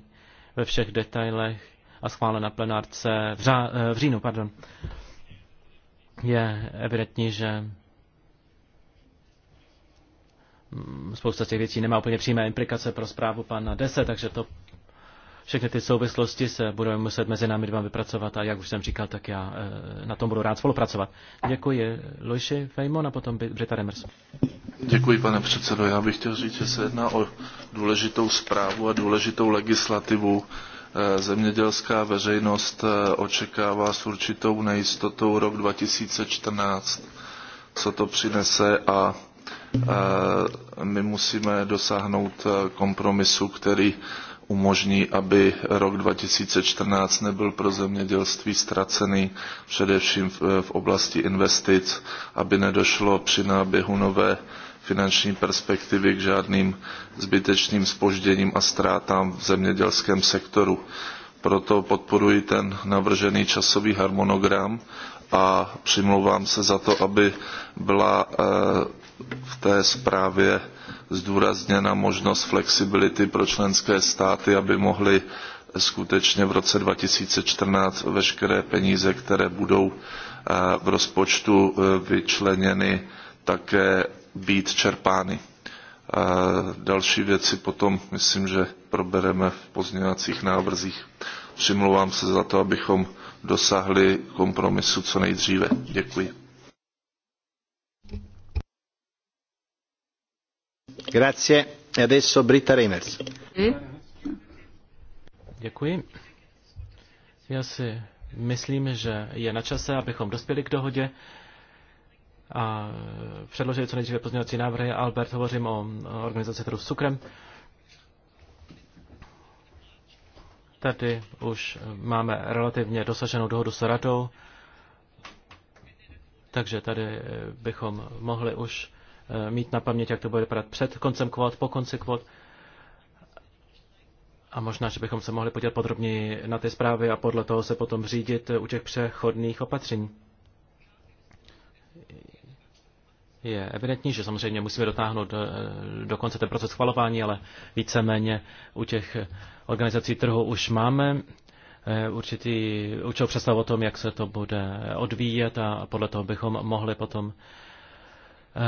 ve všech detailech a schválen na plenárce v, řá, eh, v říjnu. Pardon. Je evidentní, že spousta těch věcí nemá úplně přímé implikace pro zprávu pana Dese, takže to všechny ty souvislosti se budeme muset mezi námi dva vypracovat a jak už jsem říkal, tak já eh, na tom budu rád spolupracovat. Děkuji eh, Loiši Fejmon a potom Brita Remers. Děkuji, pane předsedo. Já bych chtěl říct, že se jedná o důležitou zprávu a důležitou legislativu. Eh, zemědělská veřejnost očekává s určitou nejistotou rok 2014, co to přinese a Eh, my musíme dosáhnout eh, kompromisu, který umožní, aby rok 2014 nebyl pro zemědělství ztracený, především eh, v oblasti investic, aby nedošlo při náběhu nové finanční perspektivy k žádným zbytečným spožděním a ztrátám v zemědělském sektoru. Proto podporuji ten navržený časový harmonogram a přimlouvám se za to, aby byla eh, v té zprávě zdůrazněna možnost flexibility pro členské státy, aby mohly skutečně v roce 2014 veškeré peníze, které budou eh, v rozpočtu eh, vyčleněny, také být čerpány. Další věci potom myslím, že probereme v pozměňovacích návrzích. Přimlouvám se za to, abychom Dosáhli kompromisu co nejdříve. Děkuji. Grazie. E adesso Britta Reimers. Děkuji. Já si myslím, že je na čase, abychom dospěli k dohodě a předložili co nejdříve pozměňovací návrhy. Albert, hovořím o organizaci trhu s cukrem. Tady už máme relativně dosaženou dohodu s radou, takže tady eh, bychom mohli už eh, mít na paměti, jak to bude vypadat před koncem kvot, po konci kvot. A možná, že bychom se mohli podívat podrobněji na ty zprávy a podle toho se potom řídit eh, u těch přechodných opatření. je evidentní, že samozřejmě musíme dotáhnout eh, do, konce ten proces schvalování, ale víceméně u těch eh, organizací trhu už máme eh, určitý, určitou představu o tom, jak se to bude odvíjet a podle toho bychom mohli potom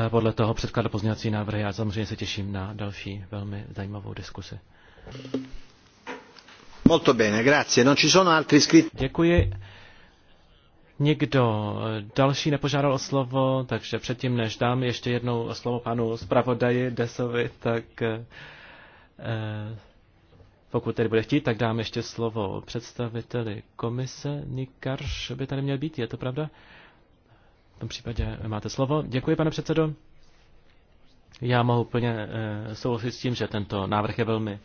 podle toho předkládat pozměňovací návrhy. Já samozřejmě se těším na další velmi zajímavou diskusi. Molto bene, grazie. Non ci sono altri iscritti. Děkuji. Někdo eh, další nepožádal o slovo, takže předtím, než dám ještě jednou slovo panu zpravodaji Desovi, tak eh, eh pokud tedy bude chtít, tak dám ještě slovo představiteli komise. Nikarš by tady měl být, je to pravda? V tom případě máte slovo. Děkuji, pane předsedo. Já mohu plně eh, souhlasit s tím, že tento návrh je velmi eh,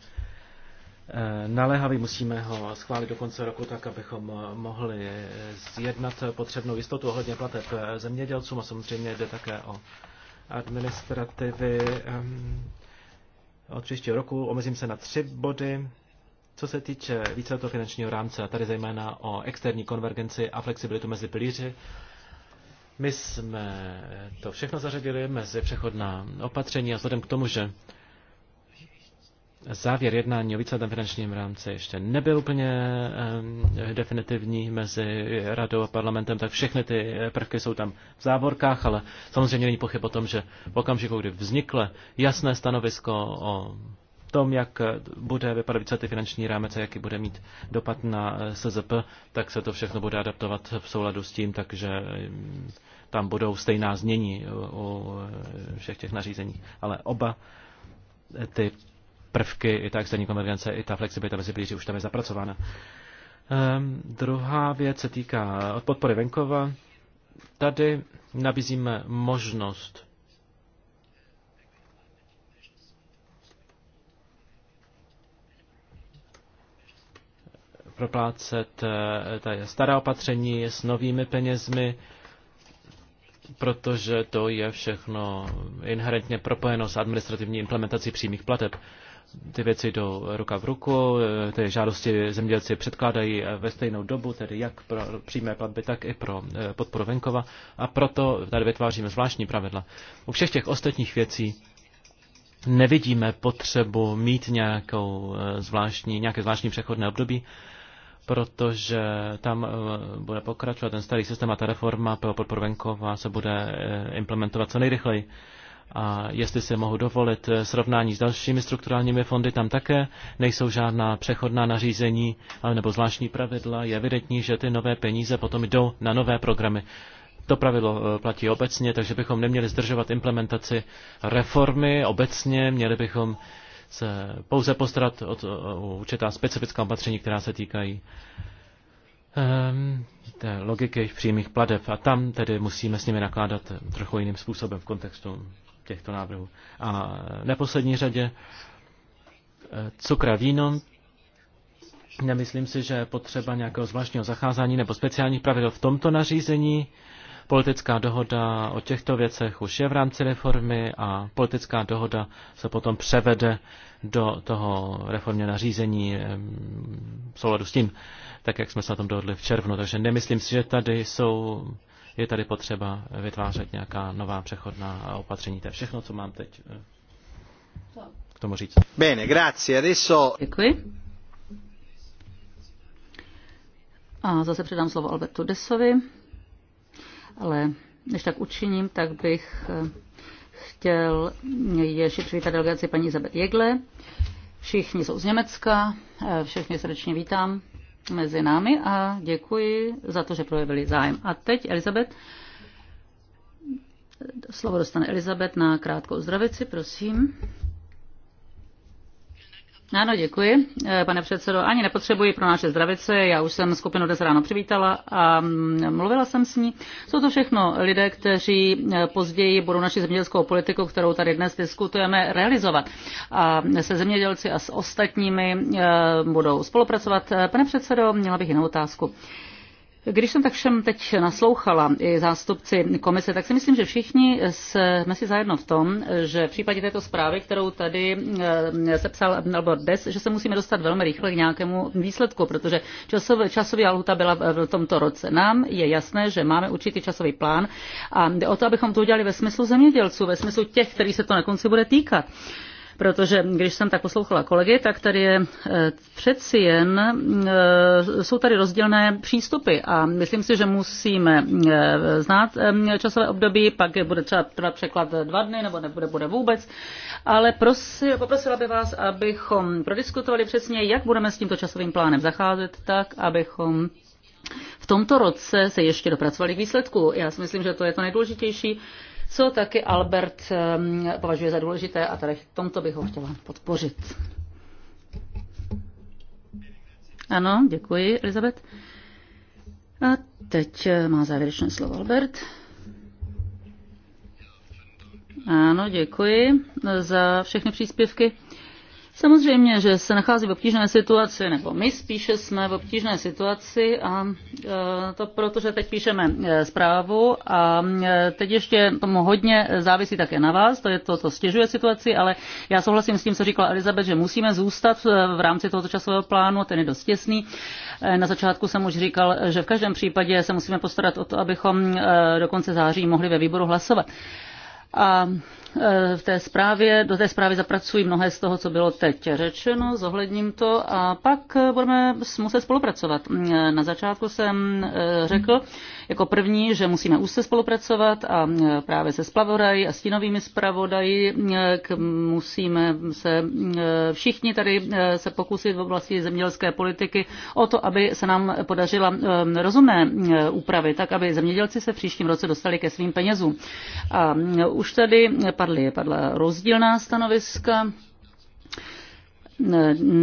Eh, naléhavý, musíme ho schválit do konce roku tak, abychom eh, mohli eh, zjednat potřebnou jistotu ohledně plateb zemědělcům a samozřejmě jde také o administrativy ehm, od příštího roku. Omezím se na tři body. Co se týče víceletého finančního rámce, a tady zejména o externí konvergenci a flexibilitu mezi pilíři, my jsme to všechno zařadili mezi přechodná opatření a vzhledem k tomu, že závěr jednání o víceletém finančním rámci ještě nebyl úplně eh, definitivní mezi radou a parlamentem, tak všechny ty prvky jsou tam v závorkách, ale samozřejmě není pochyb o tom, že v okamžiku, kdy vznikle jasné stanovisko o tom, jak bude vypadat víceletý finanční rámec a jaký bude mít dopad na eh, SZP, tak se to všechno bude adaptovat v souladu s tím, takže mm, tam budou stejná znění u eh, všech těch nařízení. Ale oba ty prvky, i ta externí konvergence, i ta flexibilita mezi pilíři už tam je zapracována. Um, druhá věc se týká podpory venkova. Tady nabízíme možnost proplácet eh, tady stará opatření s novými penězmi, protože to je všechno inherentně propojeno s administrativní implementací přímých plateb ty věci do ruka v ruku, eh, ty žádosti zemědělci předkládají eh, ve stejnou dobu, tedy jak pro přímé platby, tak i pro eh, podporu venkova a proto tady vytváříme zvláštní pravidla. U všech těch ostatních věcí nevidíme potřebu mít nějakou zvláštní, nějaké zvláštní přechodné období, protože tam bude pokračovat ten starý systém a ta reforma pro podporu venkova se bude implementovat co nejrychleji. A jestli se mohu dovolit eh, srovnání s dalšími strukturálními fondy, tam také nejsou žádná přechodná nařízení nebo zvláštní pravidla. Je evidentní, že ty nové peníze potom jdou na nové programy. To pravidlo eh, platí obecně, takže bychom neměli zdržovat implementaci reformy obecně, měli bychom se pouze postarat o, to, o určitá specifická opatření, která se týkají um, té logiky přímých pladeb. A tam tedy musíme s nimi nakládat trochu jiným způsobem v kontextu těchto návrhů. A neposlední řadě eh, cukr a víno. Nemyslím si, že je potřeba nějakého zvláštního zacházání nebo speciálních pravidel v tomto nařízení. Politická dohoda o těchto věcech už je v rámci reformy a politická dohoda se potom převede do toho reformě nařízení eh, v souladu s tím, tak jak jsme se na tom dohodli v červnu. Takže nemyslím si, že tady jsou je tady potřeba vytvářet nějaká nová přechodná opatření. To je všechno, co mám teď eh, k tomu říct. Bene, grazie. Adesso... Děkuji. A zase předám slovo Albertu Desovi, ale než tak učiním, tak bych eh, chtěl ještě přivítat delegaci paní Izabet Jegle. Všichni jsou z Německa, eh, všechny srdečně vítám mezi námi a děkuji za to, že projevili zájem. A teď Elizabeth. Slovo dostane Elizabeth na krátkou zdravici, prosím. No ano, děkuji, eh, pane předsedo. Ani nepotřebuji pro naše zdravice, já už jsem skupinu dnes ráno přivítala a mm, mluvila jsem s ní. Jsou to všechno lidé, kteří eh, později budou naši zemědělskou politiku, kterou tady dnes diskutujeme, realizovat. A se zemědělci a s ostatními eh, budou spolupracovat. Pane předsedo, měla bych jinou otázku. Když jsem tak všem teď naslouchala i zástupci komise, tak si myslím, že všichni jsme si zajedno v tom, že v případě této zprávy, kterou tady eh, sepsal Albert Des, že se musíme dostat velmi rychle k nějakému výsledku, protože časov, časový aluta byla v tomto roce. Nám je jasné, že máme určitý časový plán a jde o to, abychom to udělali ve smyslu zemědělců, ve smyslu těch, kterých se to na konci bude týkat protože když jsem tak poslouchala kolegy, tak tady je eh, přeci jen, eh, jsou tady rozdílné přístupy a myslím si, že musíme eh, znát časové období, pak bude třeba trvat překlad dva dny nebo nebude bude vůbec, ale prosi, poprosila bych vás, abychom prodiskutovali přesně, jak budeme s tímto časovým plánem zacházet, tak abychom v tomto roce se ještě dopracovali k výsledku. Já si myslím, že to je to nejdůležitější co taky Albert ehm, považuje za důležité a tady v tomto bych ho chtěla podpořit. Ano, děkuji, Elizabeth. A teď eh, má závěrečné slovo Albert. Ano, děkuji za všechny příspěvky. Samozřejmě, že se nachází v obtížné situaci, nebo my spíše jsme v obtížné situaci a e, to proto, že teď píšeme e, zprávu a e, teď ještě tomu hodně závisí také na vás, to je to, co stěžuje situaci, ale já souhlasím s tím, co říkala Elizabeth, že musíme zůstat v rámci tohoto časového plánu, ten je dost těsný. Na začátku jsem už říkal, že v každém případě se musíme postarat o to, abychom do konce září mohli ve výboru hlasovat a e, v té zprávě, do té zprávy zapracuji mnohé z toho, co bylo teď řečeno, zohledním to a pak budeme muset spolupracovat. Mm, e, na začátku jsem e, řekl jako první, že musíme úzce spolupracovat a právě se splavodají a stínovými zpravodají mm, musíme se mm, všichni tady se pokusit v oblasti zemědělské politiky o to, aby se nám podařila rozumné úpravy, tak aby zemědělci se v příštím roce dostali ke svým penězům. A už tady padly, padla rozdílná stanoviska.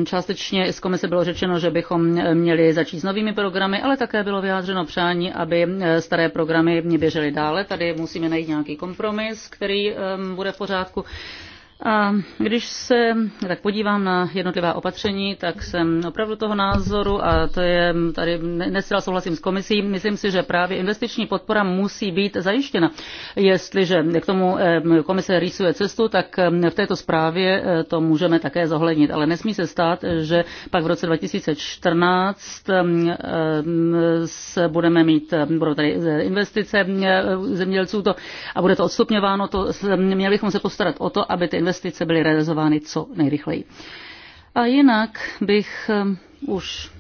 Částečně z komise bylo řečeno, že bychom měli začít s novými programy, ale také bylo vyjádřeno přání, aby staré programy běžely dále. Tady musíme najít nějaký kompromis, který bude v pořádku. A když se tak podívám na jednotlivá opatření, tak jsem opravdu toho názoru, a to je tady nesila souhlasím s komisí, myslím si, že právě investiční podpora musí být zajištěna. Jestliže k tomu eh, komise rýsuje cestu, tak eh, v této zprávě eh, to můžeme také zohlednit. Ale nesmí se stát, že pak v roce 2014 se budeme mít, budou tady investice zemědělců to, a bude to odstupňováno, to, měli bychom se postarat o to, aby ty investice byly realizovány co nejrychleji. A jinak bych um, už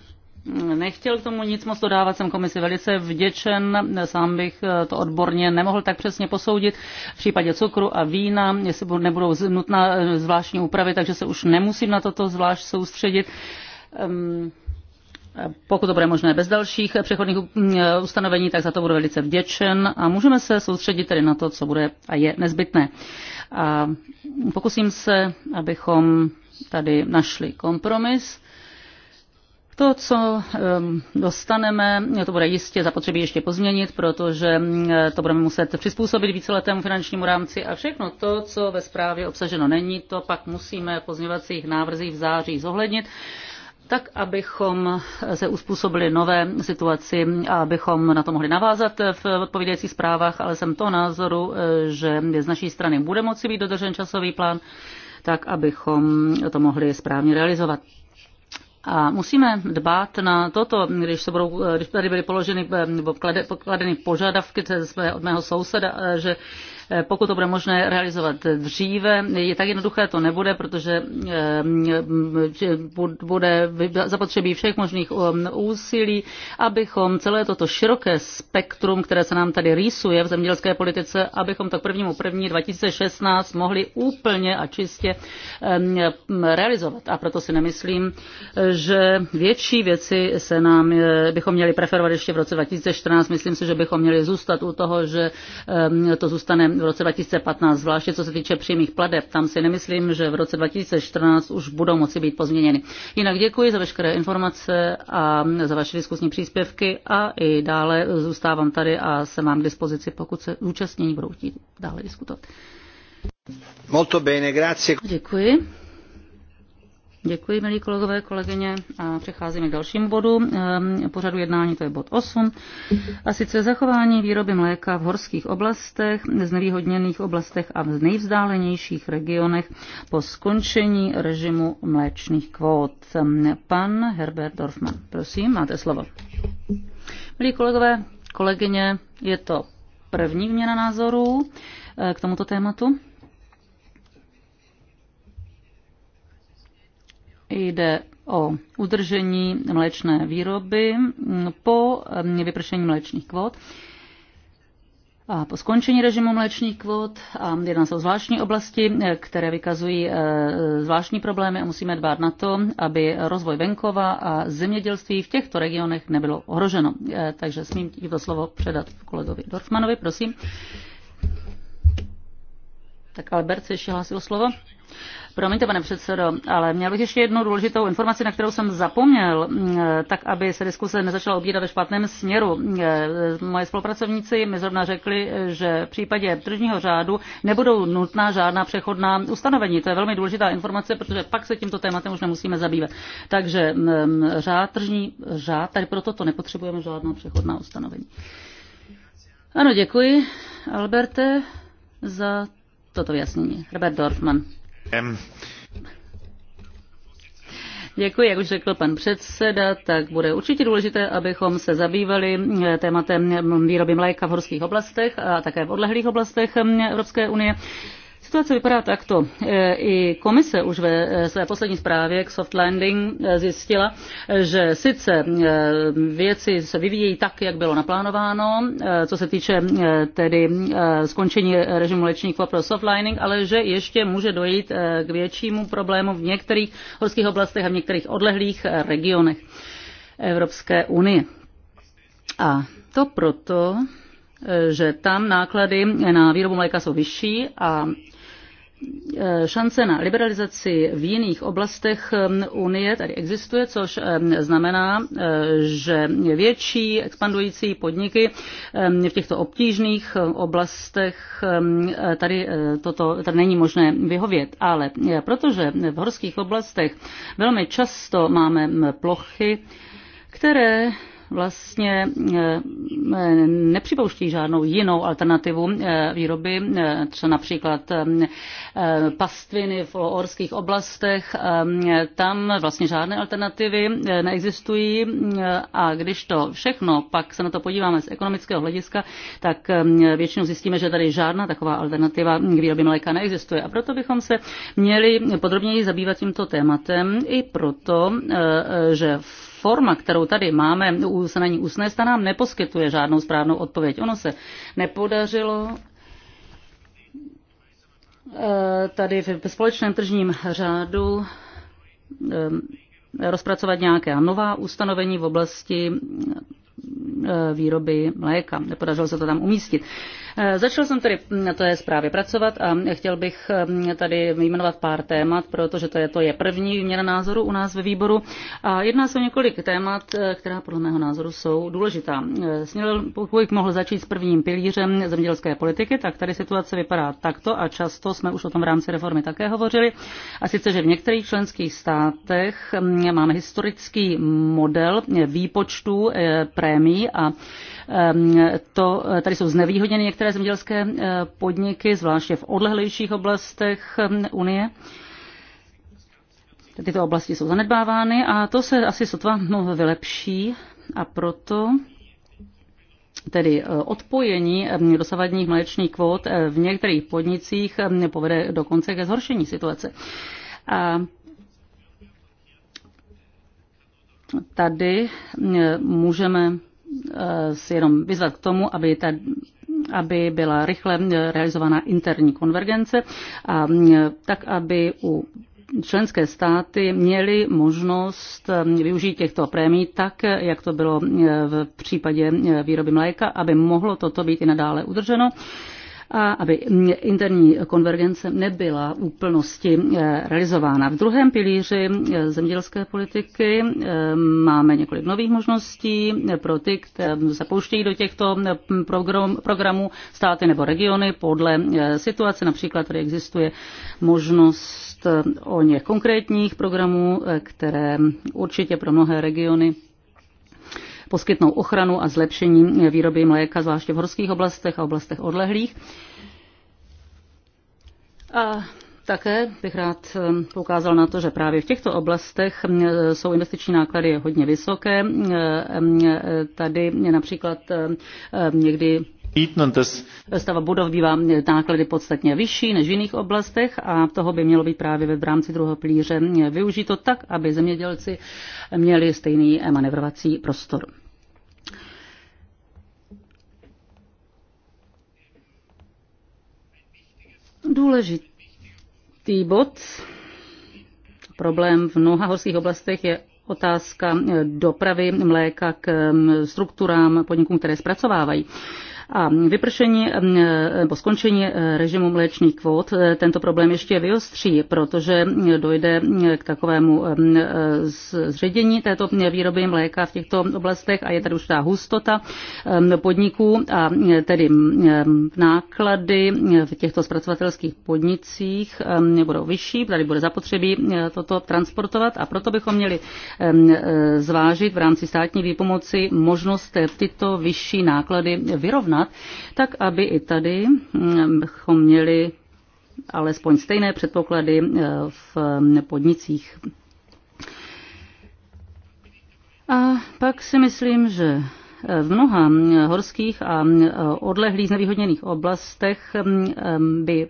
nechtěl k tomu nic moc dodávat, jsem komisi velice vděčen, sám bych uh, to odborně nemohl tak přesně posoudit. V případě cukru a vína, jestli nebudou nutná uh, zvláštní úpravy, takže se už nemusím na toto zvlášť soustředit. Um, pokud to bude možné bez dalších přechodných uh, ustanovení, tak za to budu velice vděčen a můžeme se soustředit tedy na to, co bude a je nezbytné. A pokusím se, abychom tady našli kompromis. To, co dostaneme, to bude jistě zapotřebí ještě pozměnit, protože to budeme muset přizpůsobit víceletému finančnímu rámci a všechno to, co ve zprávě obsaženo není, to pak musíme v pozměvacích návrzích v září zohlednit tak abychom se uspůsobili nové situaci a abychom na to mohli navázat v odpovídajících zprávách, ale jsem toho názoru, eh, že z naší strany bude moci být dodržen časový plán, tak abychom to mohli správně realizovat. A musíme dbát na toto, když, se budou, eh, když tady byly položeny, eh, pokladeny požadavky od mého souseda, že Eh, pokud to bude možné realizovat dříve, je tak jednoduché to nebude, protože eh, bude zapotřebí všech možných um, úsilí, abychom celé toto široké spektrum, které se nám tady rýsuje v zemědělské politice, abychom to k prvnímu první 2016 mohli úplně a čistě realizovat. A proto si nemyslím, že větší věci se nám eh, bychom měli preferovat ještě v roce 2014. Myslím si, že bychom měli zůstat u toho, že to zůstane v roce 2015, zvláště co se týče přímých pladeb. Tam si nemyslím, že v roce 2014 už budou moci být pozměněny. Jinak děkuji za veškeré informace a za vaše diskusní příspěvky a i dále zůstávám tady a jsem vám k dispozici, pokud se účastnění budou chtít dále diskutovat. Molto bene, grazie. Děkuji. Děkuji, milí kolegové, kolegyně. A přecházíme k dalšímu bodu ehm, pořadu jednání, to je bod 8. A sice zachování výroby mléka v horských oblastech, znevýhodněných oblastech a v nejvzdálenějších regionech po skončení režimu mléčných kvót. Ehm, pan Herbert Dorfman, prosím, máte slovo. Milí kolegové, kolegyně, je to první výměna názorů eh, k tomuto tématu. Jde o udržení mléčné výroby po mm, vypršení mléčných kvot. A po skončení režimu mléčných kvot a jedná se o zvláštní oblasti, eh, které vykazují eh, zvláštní problémy a musíme dbát na to, aby rozvoj venkova a zemědělství v těchto regionech nebylo ohroženo. Eh, takže smím to slovo předat kolegovi Dorfmanovi, prosím. Tak Albert se ještě hlásil slovo. Promiňte, pane předsedo, ale měl bych ještě jednu důležitou informaci, na kterou jsem zapomněl, mm, tak aby se diskuse nezačala obírat ve špatném směru. Mm, eh, moje spolupracovníci mi zrovna řekli, že v případě tržního řádu nebudou nutná žádná přechodná ustanovení. To je velmi důležitá informace, protože pak se tímto tématem už nemusíme zabývat. Takže mm, řád, tržní řád, tady proto to nepotřebujeme žádná přechodná ustanovení. Ano, děkuji, Alberte, za toto vyjasnění. Robert Dorfman. Děkuji, jak už řekl pan předseda, tak bude určitě důležité, abychom se zabývali eh, tématem mm, výroby mléka v horských oblastech a také v odlehlých oblastech mm, Evropské unie. Situace vypadá takto. E, I komise už ve e, své poslední zprávě k soft landing e, zjistila, že sice věci se vyvíjejí tak, jak bylo naplánováno, co se týče tedy skončení režimu mléčných kvot pro soft landing, ale že ještě může dojít k většímu problému v některých horských oblastech a v některých odlehlých regionech Evropské unie. A to proto, že tam náklady na výrobu mléka jsou vyšší a Eh, šance na liberalizaci v jiných oblastech eh, Unie tady existuje, což eh, znamená, že větší expandující podniky v těchto obtížných oblastech tady toto tady není možné vyhovět. Ale protože v horských oblastech velmi často máme hm, plochy, které vlastně eh, nepřipouští žádnou jinou alternativu eh, výroby, eh, třeba například pastviny v orských oblastech. Tam vlastně žádné alternativy neexistují a když to všechno, pak se na to podíváme z ekonomického hlediska, tak většinou zjistíme, že tady žádná taková alternativa k výrobě mléka neexistuje. A proto bychom se měli podrobněji zabývat tímto tématem i proto, že v forma, kterou tady máme, se na ní usnést, ta nám neposkytuje žádnou správnou odpověď. Ono se nepodařilo eh, tady ve společném tržním řádu eh, rozpracovat nějaké nová ustanovení v oblasti eh, výroby mléka. Nepodařilo se to tam umístit. Eh, začal jsem tedy mm, na té zprávě pracovat a chtěl bych mm, tady vyjmenovat pár témat, protože to je, to je první výměna názoru u nás ve výboru. A jedná se o několik témat, eh, která podle mého názoru jsou důležitá. Eh, Směl, pokud mohl začít s prvním pilířem zemědělské politiky, tak tady situace vypadá takto a často jsme už o tom v rámci reformy také hovořili. A sice, že v některých členských státech mm, máme historický model výpočtu prémií a Ehm, to, eh, tady jsou znevýhodněny některé zemědělské eh, podniky, zvláště v odlehlejších oblastech ehm, Unie tyto oblasti jsou zanedbávány a to se asi sotva no, vylepší a proto tedy eh, odpojení ehm, dosavadních mléčných kvót v některých podnicích povede dokonce ke zhoršení situace. A tady můžeme Eh, si jenom vyzvat k tomu, aby ta aby byla rychle eh, realizována interní konvergence a eh, tak, aby u členské státy měly možnost využít těchto prémí tak, jak to bylo v případě výroby mléka, aby mohlo toto být i nadále udrženo a aby mm, interní konvergence nebyla úplnosti eh, realizována. V druhém pilíři eh, zemědělské politiky eh, máme několik nových možností pro ty, které zapouštějí do těchto programů státy nebo regiony podle situace. Například tady existuje možnost o něch konkrétních programů, které určitě pro mnohé regiony poskytnou ochranu a zlepšení výroby mléka, zvláště v horských oblastech a oblastech odlehlých. A také bych rád um, poukázal na to, že právě v těchto oblastech um, jsou investiční náklady hodně vysoké. Um, tady například někdy No, Stava budov bývá náklady podstatně vyšší než v jiných oblastech a toho by mělo být právě v rámci druhého pilíře využito tak, aby zemědělci měli stejný manevrovací prostor. Důležitý bod, problém v mnoha horských oblastech je otázka dopravy mléka k mm, strukturám podnikům, které zpracovávají a vypršení e, nebo skončení e, režimu mléčných kvót e, tento problém ještě vyostří, protože dojde k takovému zředění této výroby mléka v těchto oblastech a je tady už ta hustota podniků a tedy náklady v těchto zpracovatelských podnicích budou vyšší, tady bude zapotřebí toto transportovat a proto bychom měli zvážit v rámci státní výpomoci možnost tyto vyšší náklady vyrovnat jednat, tak aby i tady mm, bychom měli alespoň stejné předpoklady eh, v mm, podnicích. A pak si myslím, že eh, v mnoha mm, horských a odlehlých znevýhodněných oblastech eh, by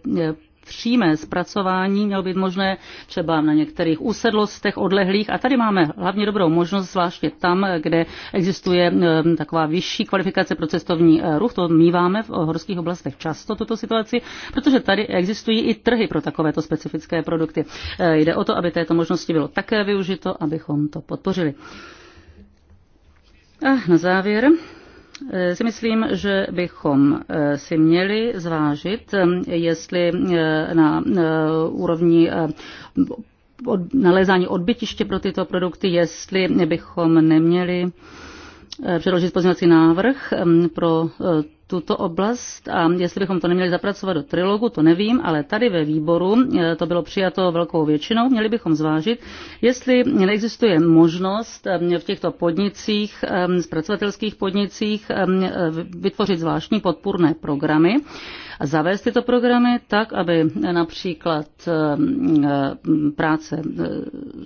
přímé zpracování mělo být možné třeba na některých usedlostech odlehlých a tady máme hlavně dobrou možnost, zvláště tam, kde existuje eh, taková vyšší kvalifikace pro cestovní eh, ruch, to míváme v horských oblastech často tuto situaci, protože tady existují i trhy pro takovéto specifické produkty. Eh, jde o to, aby této možnosti bylo také využito, abychom to podpořili. A na závěr Eh, si myslím, že bychom eh, si měli zvážit, eh, jestli na úrovni od, nalézání odbytiště pro tyto produkty, jestli bychom neměli předložit pozměňovací návrh pro tuto oblast a jestli bychom to neměli zapracovat do trilogu, to nevím, ale tady ve výboru e, to bylo přijato velkou většinou. Měli bychom zvážit, jestli neexistuje možnost e, v těchto podnicích, e, zpracovatelských podnicích, vytvořit zvláštní podpůrné programy a zavést tyto programy tak, aby například práce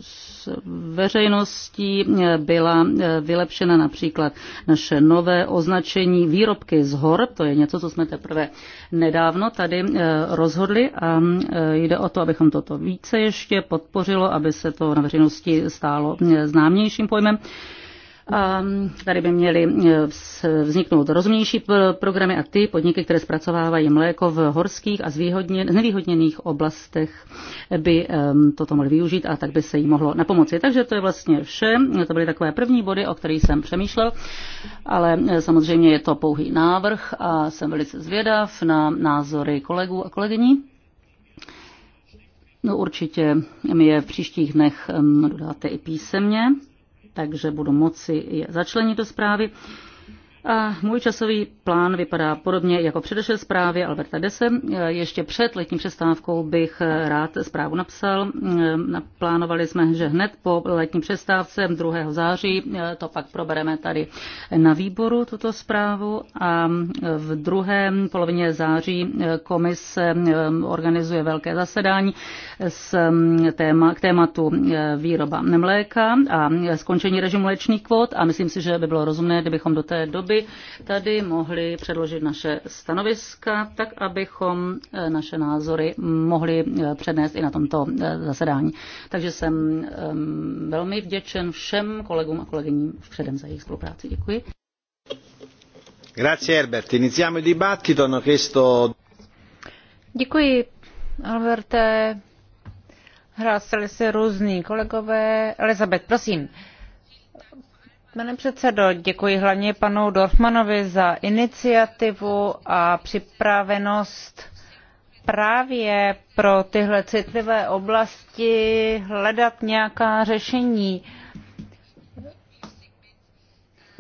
s veřejností byla vylepšena například naše nové označení výrobky z hor spor, To je něco, co jsme teprve nedávno tady eh, rozhodli a eh, jde o to, abychom toto více ještě podpořilo, aby se to na veřejnosti stálo eh, známějším pojmem. A tady by měly eh, vzniknout rozumnější programy a ty podniky, které zpracovávají mléko v horských a znevýhodněných oblastech, by eh, toto mohly využít a tak by se jí mohlo napomoci. Takže to je vlastně vše. To byly takové první body, o kterých jsem přemýšlel, ale eh, samozřejmě je to pouhý návrh a jsem velice zvědav na názory kolegů a kolegyní. No určitě mi je v příštích dnech dodáte i písemně takže budu moci je začlenit do zprávy. A můj časový plán vypadá podobně jako předešel zprávě Alberta Dese. Ještě před letní přestávkou bych rád zprávu napsal. Plánovali jsme, že hned po letní přestávce 2. září to pak probereme tady na výboru tuto zprávu a v druhé polovině září komise organizuje velké zasedání s téma, k tématu výroba mléka a skončení režimu mléčných kvot a myslím si, že by bylo rozumné, kdybychom do té doby aby tady mohli předložit naše stanoviska, tak abychom eh, naše názory mohli eh, přednést i na tomto eh, zasedání. Takže jsem ehm, velmi vděčen všem kolegům a kolegyním předem za jejich spolupráci. Děkuji. Grazie Herbert. Iniziamo il dibattito. Hanno chiesto... Děkuji, Alberte. Hlásili se různí kolegové. Elizabeth, prosím. Pane předsedající děkuji hlavně panu Dorfmanovi za iniciativu a připravenost právě pro tyhle citlivé oblasti hledat nějaká řešení.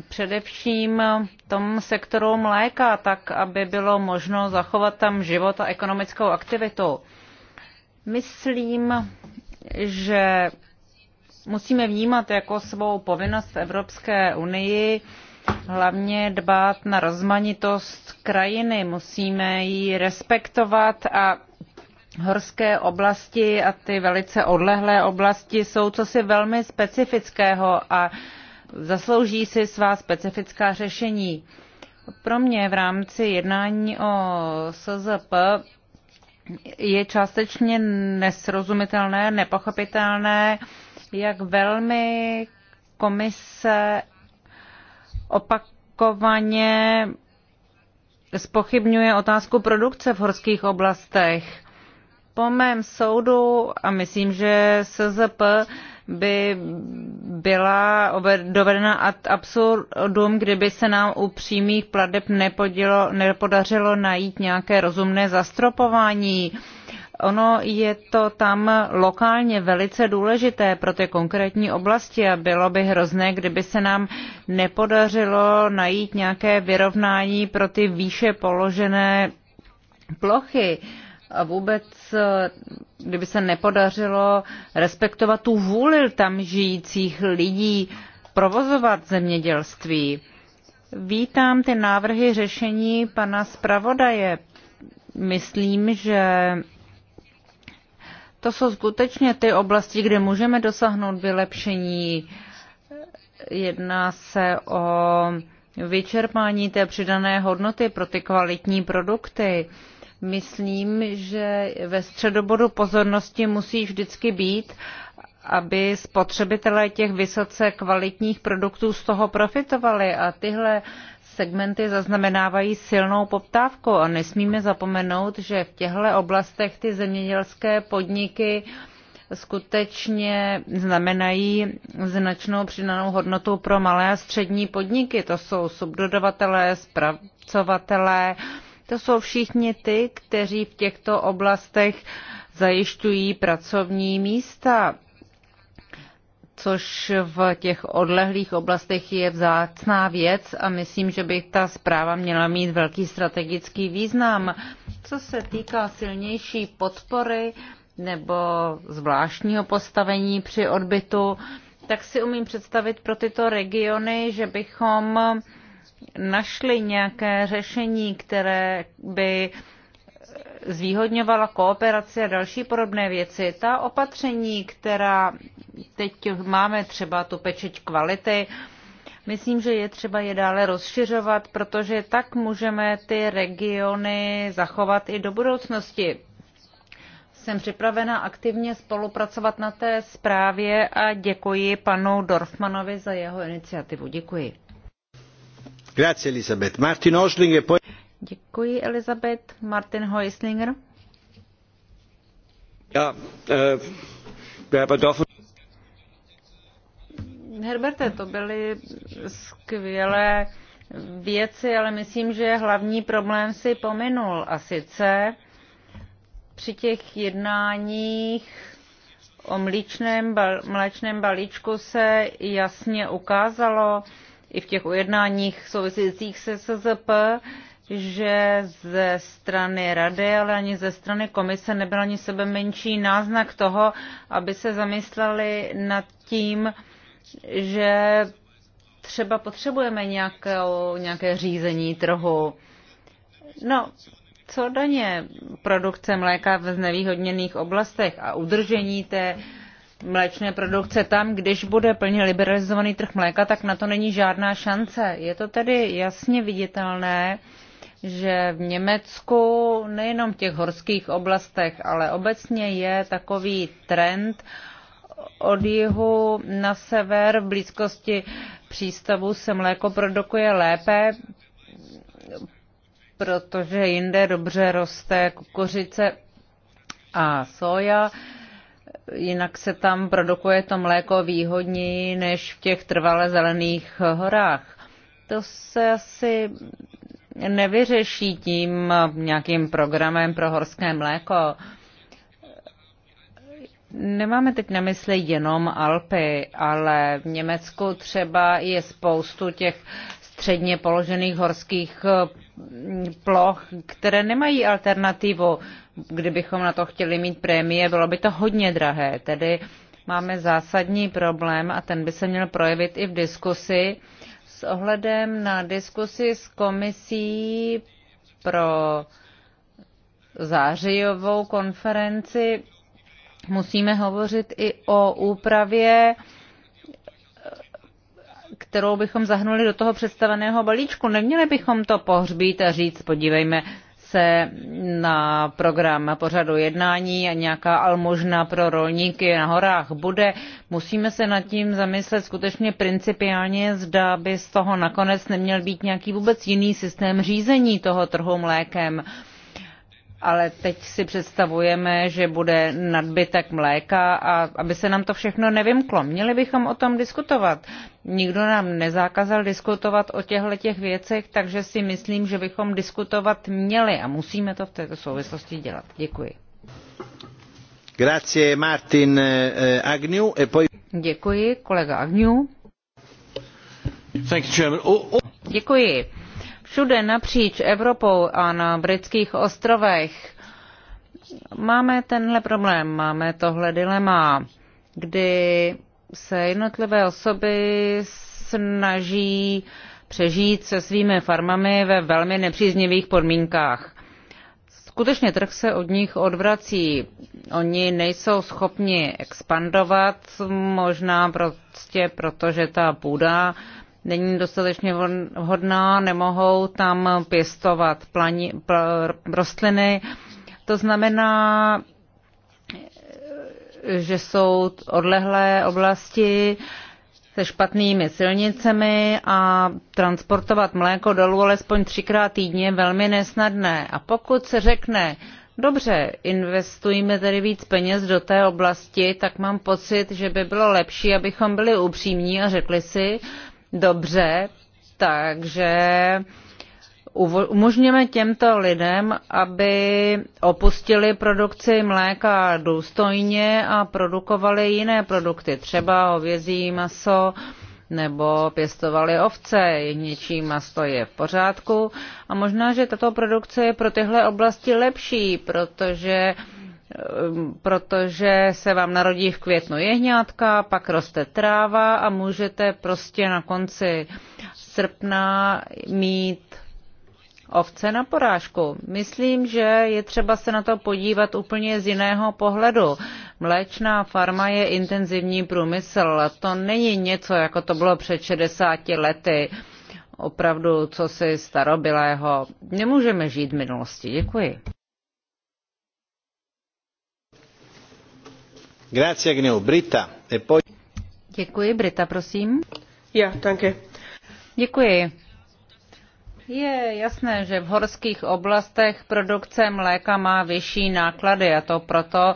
Především v tom sektoru mléka, tak aby bylo možno zachovat tam život a ekonomickou aktivitu. Myslím, že musíme vnímat jako svou povinnost v Evropské unii hlavně dbát na rozmanitost krajiny. Musíme ji respektovat a horské oblasti a ty velice odlehlé oblasti jsou cosi velmi specifického a zaslouží si svá specifická řešení. Pro mě v rámci jednání o SZP je částečně nesrozumitelné, nepochopitelné, jak velmi komise opakovaně spochybňuje otázku produkce v horských oblastech. Po mém soudu, a myslím, že SZP by byla dovedena ad absurdum, kdyby se nám u přímých pladeb nepodařilo najít nějaké rozumné zastropování. Uh, Ono je to tam lokálně velice důležité pro ty konkrétní oblasti a bylo by hrozné, kdyby se nám nepodařilo najít nějaké vyrovnání pro ty výše položené plochy. A vůbec, kdyby se nepodařilo respektovat tu vůli tam žijících lidí provozovat zemědělství. Vítám ty návrhy řešení pana zpravodaje. Myslím, že to jsou skutečně ty oblasti, kde můžeme dosáhnout vylepšení. Jedná se o vyčerpání té přidané hodnoty pro ty kvalitní produkty. Myslím, že ve středobodu pozornosti musí vždycky být, aby spotřebitelé těch vysoce kvalitních produktů z toho profitovali. A tyhle uh, segmenty zaznamenávají silnou poptávku a nesmíme zapomenout, že v těchto oblastech ty zemědělské podniky skutečně znamenají značnou přidanou hodnotu pro malé a střední podniky. To jsou subdodavatelé, zpracovatelé, to jsou všichni ty, kteří v těchto oblastech zajišťují pracovní místa což v těch odlehlých oblastech je vzácná věc a myslím, že by ta zpráva měla mít velký strategický význam. Co se týká silnější podpory nebo zvláštního postavení při odbytu, tak si umím představit pro tyto regiony, že bychom našli nějaké řešení, které by zvýhodňovala kooperaci a další podobné věci. Ta opatření, která teď máme třeba tu pečeť kvality, myslím, že je třeba je dále rozšiřovat, protože tak můžeme ty regiony zachovat i do budoucnosti. Jsem připravena aktivně spolupracovat na té zprávě a děkuji panu Dorfmanovi za jeho iniciativu. Děkuji. Grazie, Elizabeth. Martin Osling, poi... Děkuji, Elizabeth. Martin Heuslinger. Ja, äh, Dorfmann. Herberte, to byly skvělé věci, ale myslím, že hlavní problém si pominul. A sice při těch jednáních o mlečném mléčném balíčku se jasně ukázalo, i v těch ujednáních souvisících se SZP, že ze strany rady, ale ani ze strany komise nebyl ani sebe menší náznak toho, aby se zamysleli nad tím, že třeba potřebujeme nějaké nějaké řízení trhu. No, co daně produkce mléka v znevýhodněných oblastech a udržení té mléčné produkce tam, když bude plně liberalizovaný trh mléka, tak na to není žádná šance. Je to tedy jasně viditelné, že v Německu nejenom v těch horských oblastech, ale obecně je takový trend, od jihu na sever v blízkosti přístavu se mléko produkuje lépe, protože jinde dobře roste kukuřice a soja. Jinak se tam produkuje to mléko výhodněji než v těch trvale zelených horách. To se asi nevyřeší tím nějakým programem pro horské mléko nemáme teď na mysli jenom Alpy, ale v Německu třeba je spoustu těch středně položených horských eh, ploch, které nemají alternativu. Kdybychom na to chtěli mít prémie, bylo by to hodně drahé. Tedy máme zásadní problém a ten by se měl projevit i v diskusi s ohledem na diskusi s komisí pro zářijovou konferenci musíme hovořit i o úpravě kterou bychom zahnuli do toho představeného balíčku. Neměli bychom to pohřbít a říct, podívejme se na program pořadu jednání a nějaká almožna pro rolníky na horách bude. Musíme se nad tím zamyslet skutečně principiálně, zda by z toho nakonec neměl být nějaký vůbec jiný systém řízení toho trhu mlékem ale teď si představujeme, že bude nadbytek mléka a aby se nám to všechno nevymklo. Měli bychom o tom diskutovat. Nikdo nám nezakázal diskutovat o těchto těch věcech, takže si myslím, že bychom diskutovat měli a musíme to v této souvislosti dělat. Děkuji. Grazie Martin eh, eh, Agnew e poi... Děkuji, kolega Agnew. Thank you, Chairman. Oh, oh. Děkuji všude napříč Evropou a na britských ostrovech. Máme tenhle problém, máme tohle dilema, kdy se jednotlivé osoby snaží přežít se svými farmami ve velmi nepříznivých podmínkách. Skutečně trh se od nich odvrací. Oni nejsou schopni expandovat, možná prostě proto, že ta půda není dostatečně vhodná, nemohou tam pěstovat plani, pl, rostliny. To znamená, že jsou odlehlé oblasti se špatnými silnicemi a transportovat mléko dolů alespoň třikrát týdně je velmi nesnadné. A pokud se řekne, dobře, investujeme tedy víc peněz do té oblasti, tak mám pocit, že by bylo lepší, abychom byli upřímní a řekli si, dobře, takže umožněme těmto lidem, aby opustili produkci mléka důstojně a produkovali jiné produkty, třeba hovězí maso nebo pěstovali ovce, něčí maso je v pořádku. A možná, že tato produkce je pro tyhle oblasti lepší, protože uh, Ehm, protože se vám narodí v květnu jehňátka, pak roste tráva a můžete prostě na konci srpna mít ovce na porážku. Myslím, že je třeba se na to podívat úplně z jiného pohledu. Mléčná farma je intenzivní průmysl. To není něco, jako to bylo před 60 lety. Opravdu, co si starobylého. Nemůžeme žít v minulosti. Děkuji. E Děkuji, prosím. Děkuji. Je jasné, že v horských oblastech produkce mléka má vyšší náklady a to proto,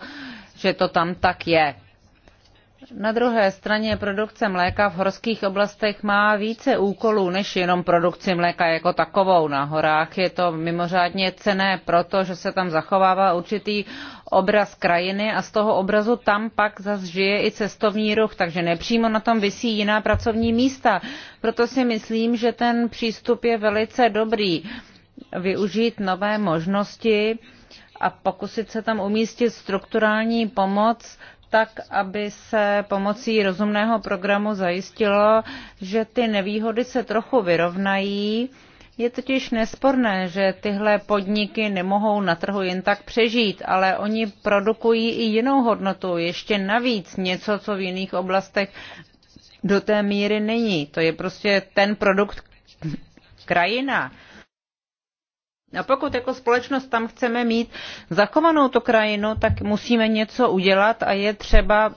že to tam tak je. Na druhé straně produkce mléka v horských oblastech má více úkolů než jenom produkci mléka jako takovou. Na horách je to mimořádně cené, protože se tam zachovává určitý obraz krajiny a z toho obrazu tam pak zase žije i cestovní ruch, takže nepřímo na tom vysí jiná pracovní místa. Proto si myslím, že ten přístup je velice dobrý. Využít nové možnosti a pokusit se tam umístit strukturální pomoc, tak, aby se pomocí rozumného programu zajistilo, že ty nevýhody se trochu vyrovnají. Je totiž nesporné, že tyhle podniky nemohou na trhu jen tak přežít, ale oni produkují i jinou hodnotu, ještě navíc něco, co v jiných oblastech do té míry není. To je prostě ten produkt krajina. A pokud jako společnost tam chceme mít zachovanou tu krajinu, tak musíme něco udělat a je třeba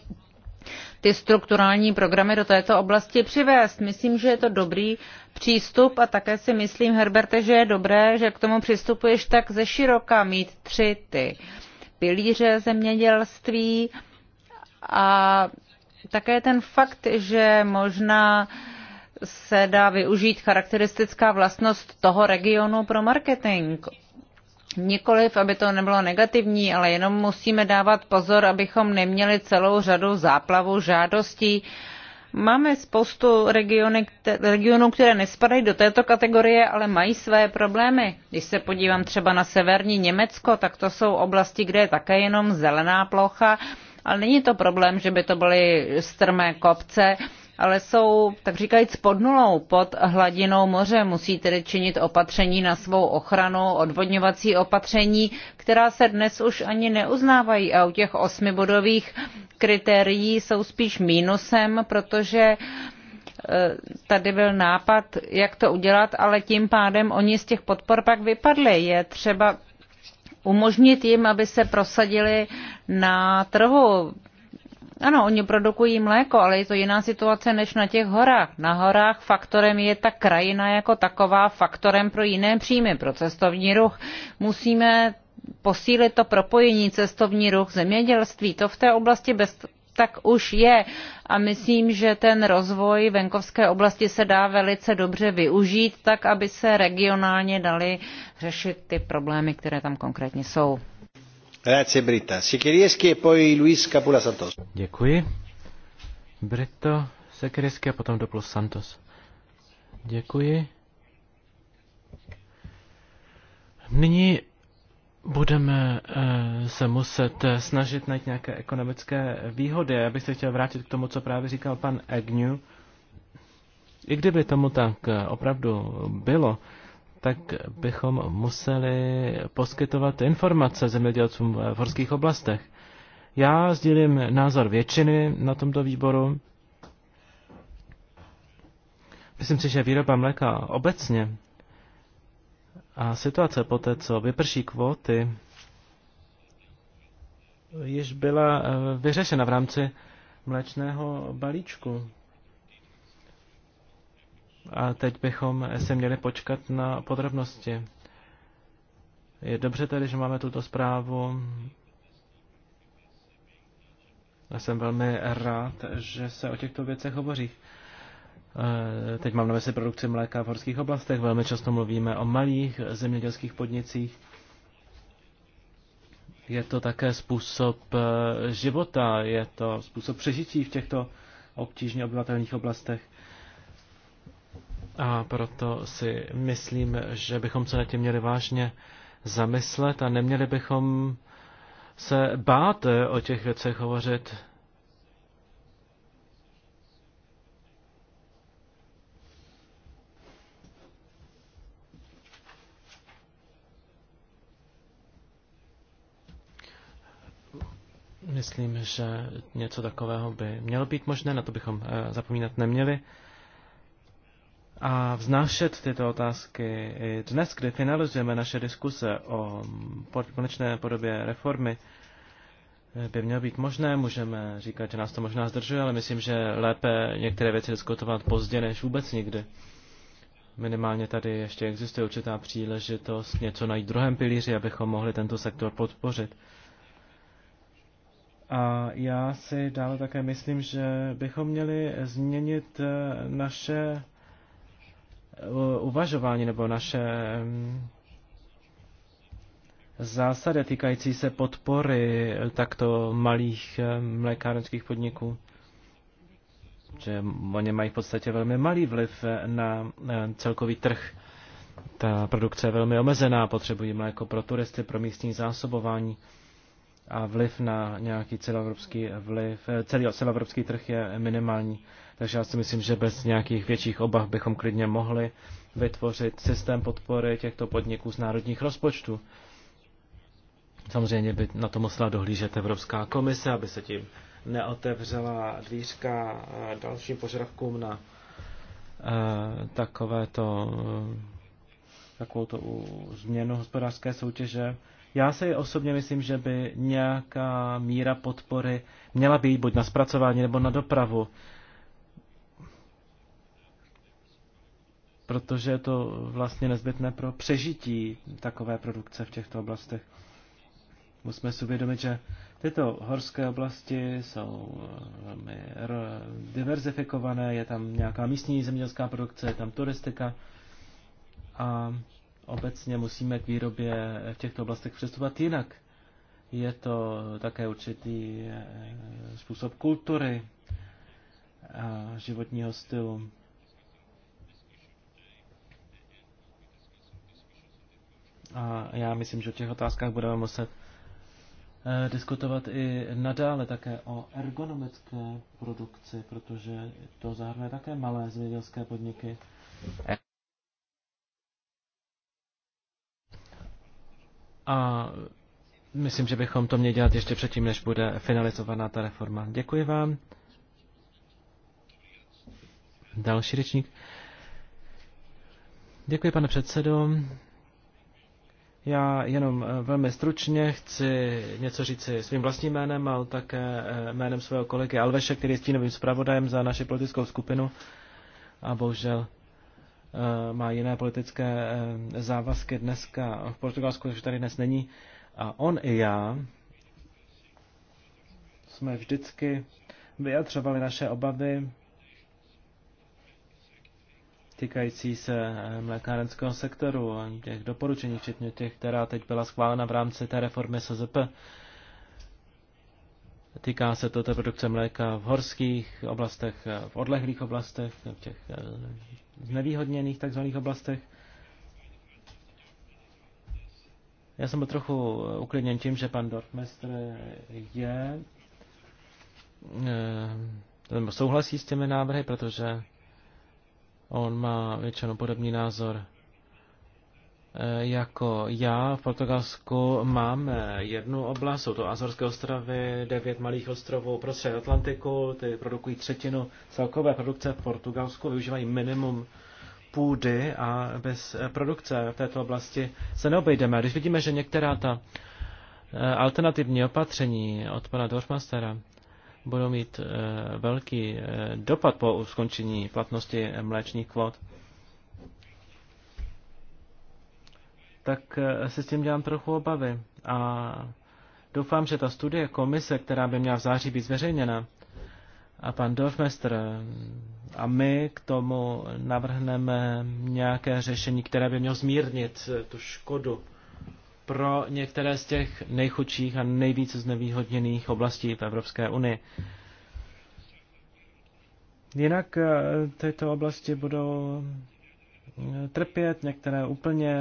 ty strukturální programy do této oblasti přivést. Myslím, že je to dobrý přístup a také si myslím, Herberte, že je dobré, že k tomu přistupuješ tak ze široka, mít tři ty pilíře zemědělství a také ten fakt, že možná uh, se dá využít charakteristická vlastnost toho regionu pro marketing. Nikoliv, aby to nebylo negativní, ale jenom musíme dávat pozor, abychom neměli celou řadu záplavu žádostí. Máme spoustu regiony, regionů, které nespadají do této kategorie, ale mají své problémy. Když se podívám třeba na severní Německo, tak to jsou oblasti, kde je také jenom zelená plocha, ale není to problém, že by to byly strmé kopce, ale jsou, tak říkajíc, pod nulou, pod hladinou moře. Musí tedy činit opatření na svou ochranu, odvodňovací opatření, která se dnes už ani neuznávají a u těch osmibodových kritérií jsou spíš mínusem, protože e, tady byl nápad, jak to udělat, ale tím pádem oni z těch podpor pak vypadli. Je třeba umožnit jim, aby se prosadili na trhu. Ano, oni produkují mléko, ale je to jiná situace než na těch horách. Na horách faktorem je ta krajina jako taková, faktorem pro jiné příjmy, pro cestovní ruch. Musíme posílit to propojení cestovní ruch, zemědělství. To v té oblasti bez tak už je. A myslím, že ten rozvoj venkovské oblasti se dá velice dobře využít, tak aby se regionálně dali řešit ty problémy, které tam konkrétně jsou. E potom Santos. Děkuji. Nyní budeme eh, se muset eh, snažit najít nějaké ekonomické výhody. Já bych se chtěl vrátit k tomu, co právě říkal pan Agnew. I kdyby tomu tak eh, opravdu bylo, tak bychom museli poskytovat informace zemědělcům v horských oblastech. Já sdílím názor většiny na tomto výboru. Myslím si, že výroba mléka obecně a situace po té, co vyprší kvóty, již byla eh, vyřešena v rámci mléčného balíčku. A teď bychom se měli počkat na podrobnosti. Je dobře tedy, že máme tuto zprávu. Já jsem velmi rád, že se o těchto věcech hovoří. E, teď mám na mysli produkci mléka v horských oblastech. Velmi často mluvíme o malých zemědělských podnicích. Je to také způsob e, života, je to způsob přežití v těchto obtížně obyvatelných oblastech. A proto si myslím, že bychom se na tím měli vážně zamyslet a neměli bychom se bát eh, o těch věcech hovořit. Myslím, že něco takového by mělo být možné, na to bychom eh, zapomínat neměli a vznášet tyto otázky i dnes, kdy finalizujeme naše diskuse o konečné podobě reformy, by mělo být možné. Můžeme říkat, že nás to možná zdržuje, ale myslím, že lépe některé věci diskutovat pozdě než vůbec nikdy. Minimálně tady ještě existuje určitá příležitost něco najít v druhém pilíři, abychom mohli tento sektor podpořit. A já si dále také myslím, že bychom měli změnit naše uvažování nebo naše mm, zásady týkající se podpory takto malých mm, mlékárenských podniků. Že oni mají v podstatě velmi malý vliv na mm, celkový trh. Ta produkce je velmi omezená, potřebují mléko pro turisty, pro místní zásobování a vliv na nějaký celoevropský vliv, eh, celý celoevropský trh je minimální. Takže já si myslím, že bez nějakých větších obav bychom klidně mohli vytvořit systém podpory těchto podniků z národních rozpočtů. Samozřejmě by na to musela dohlížet Evropská komise, aby se tím neotevřela dvířka eh, dalším požadavkům na eh, takovéto eh, takovouto změnu hospodářské soutěže. Já si osobně myslím, že by nějaká míra podpory měla být buď na zpracování nebo na dopravu, protože je to vlastně nezbytné pro přežití takové produkce v těchto oblastech. Musíme si uvědomit, že tyto horské oblasti jsou velmi diverzifikované, je tam nějaká místní zemědělská produkce, je tam turistika a obecně musíme k výrobě v těchto oblastech přistupovat jinak. Je to také určitý eh, způsob kultury a životního stylu A já myslím, že o těch otázkách budeme muset eh, diskutovat i nadále také o ergonomické produkci, protože to zahrnuje také malé zemědělské podniky. A myslím, že bychom to měli dělat ještě předtím, než bude finalizovaná ta reforma. Děkuji vám. Další řečník. Děkuji, pane předsedo. Já jenom eh, velmi stručně chci něco říci svým vlastním jménem, ale také eh, jménem svého kolegy Alveše, který je stínovým zpravodajem za naši politickou skupinu a bohužel eh, má jiné politické závazky dneska v Portugalsku, takže tady dnes není. A on i já jsme vždycky vyjadřovali naše obavy týkající se eh, mlékárenského sektoru, těch doporučení, včetně těch, která teď byla schválena v rámci té reformy SZP. Týká se to té produkce mléka v horských oblastech, eh, v odlehlých oblastech, v těch eh, znevýhodněných takzvaných oblastech. Já jsem byl trochu uklidněn tím, že pan Dortmestr je souhlasí s těmi návrhy, protože On má většinou podobný názor eh, jako já v Portugalsku máme jednu oblast, jsou to Azorské ostrovy, devět malých ostrovů prostřed Atlantiku, ty produkují třetinu celkové produkce v Portugalsku, využívají minimum půdy a bez eh, produkce v této oblasti se neobejdeme. když vidíme, že některá ta eh, alternativní opatření od pana Dorfmastera budou mít eh, velký eh, dopad po skončení platnosti mléčních kvot, tak eh, se s tím dělám trochu obavy. A doufám, že ta studie komise, která by měla v září být zveřejněna, a pan Dorfmester a my k tomu navrhneme nějaké řešení, které by mělo zmírnit tu škodu, pro některé z těch nejchudších a nejvíce znevýhodněných oblastí v Evropské unii. Jinak eh, tyto oblasti budou eh, trpět, některé úplně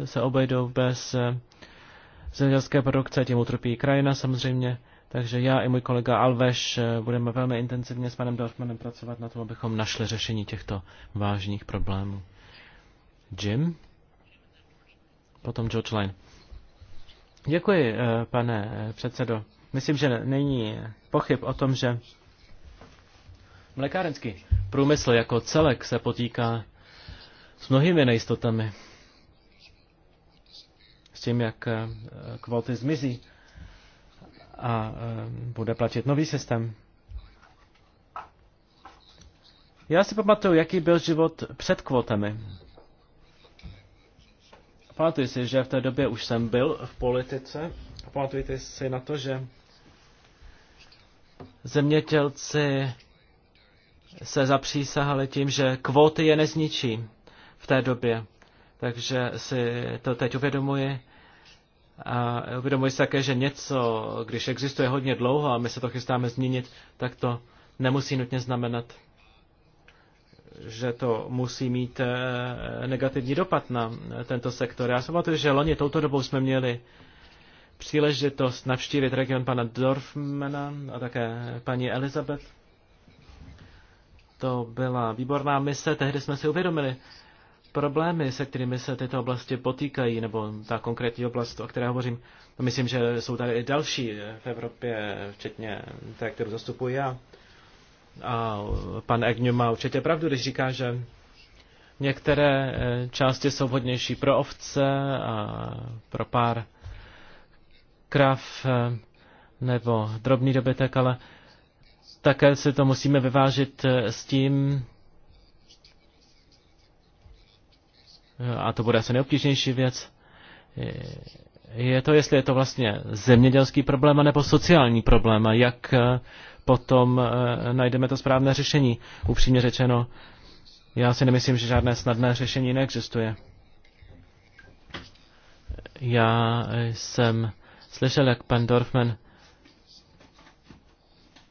eh, se obejdou bez zemědělské produkce, tím utrpí krajina samozřejmě. Takže já i můj kolega Alveš budeme velmi intenzivně s panem Dorfmanem pracovat na tom, abychom našli řešení těchto vážných problémů. Jim? potom George Line. Děkuji, eh, pane eh, předsedo. Myslím, že není pochyb o tom, že mlékárenský průmysl jako celek se potýká s mnohými nejistotami. S tím, jak eh, kvóty zmizí a bude platit nový systém. Já si pamatuju, jaký byl život před kvotami. Pamatuji si, že v té době už jsem byl v politice. Pamatujte si na to, že zemětělci se zapřísahali tím, že kvóty je nezničí v té době. Takže si to teď uvědomuji. A uvědomuji si také, že něco, když existuje hodně dlouho a my se to chystáme změnit, tak to nemusí nutně znamenat že to musí mít eh, negativní dopad na eh, tento sektor. Já jsem že loni touto dobou jsme měli příležitost navštívit region pana Dorfmana a také paní Elizabeth. To byla výborná mise, tehdy jsme si uvědomili problémy, se kterými se tyto oblasti potýkají, nebo ta konkrétní oblast, o které hovořím. Myslím, že jsou tady i další v Evropě, včetně té, kterou zastupuji já. A pan Egňu má určitě pravdu, když říká, že některé eh, části jsou vhodnější pro ovce a pro pár krav eh, nebo drobný dobytek, ale také si to musíme vyvážit eh, s tím, a to bude asi nejobtížnější věc, je to, jestli je to vlastně zemědělský problém nebo sociální problém a jak potom eh, najdeme to správné řešení. Upřímně řečeno, já si nemyslím, že žádné snadné řešení neexistuje. Já jsem slyšel, jak pan Dorfman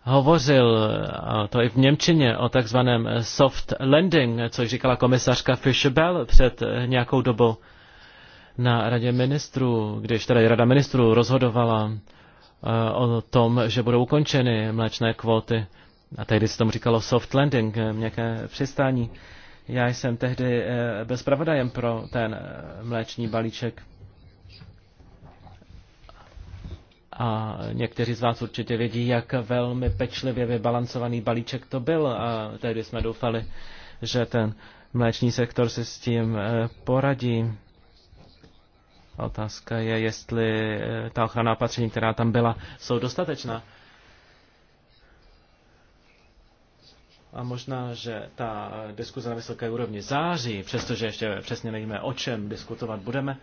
hovořil, a to i v Němčině, o takzvaném soft landing, což říkala komisařka Fischer-Bell před eh, nějakou dobou na radě ministrů, když tedy rada ministrů rozhodovala Eh, o tom, že budou ukončeny mléčné kvóty. A tehdy se tomu říkalo soft landing, eh, měkké přistání. Já jsem tehdy eh, byl zpravodajem pro ten mléční balíček. A někteří z vás určitě vědí, jak velmi pečlivě vybalancovaný balíček to byl. A tehdy jsme doufali, že ten mléční sektor se s tím poradí. A otázka je, jestli eh, ta ochrana opatření, která tam byla, jsou dostatečná. A možná, že ta diskuze na vysoké úrovni září, přestože ještě přesně nevíme, o čem diskutovat budeme,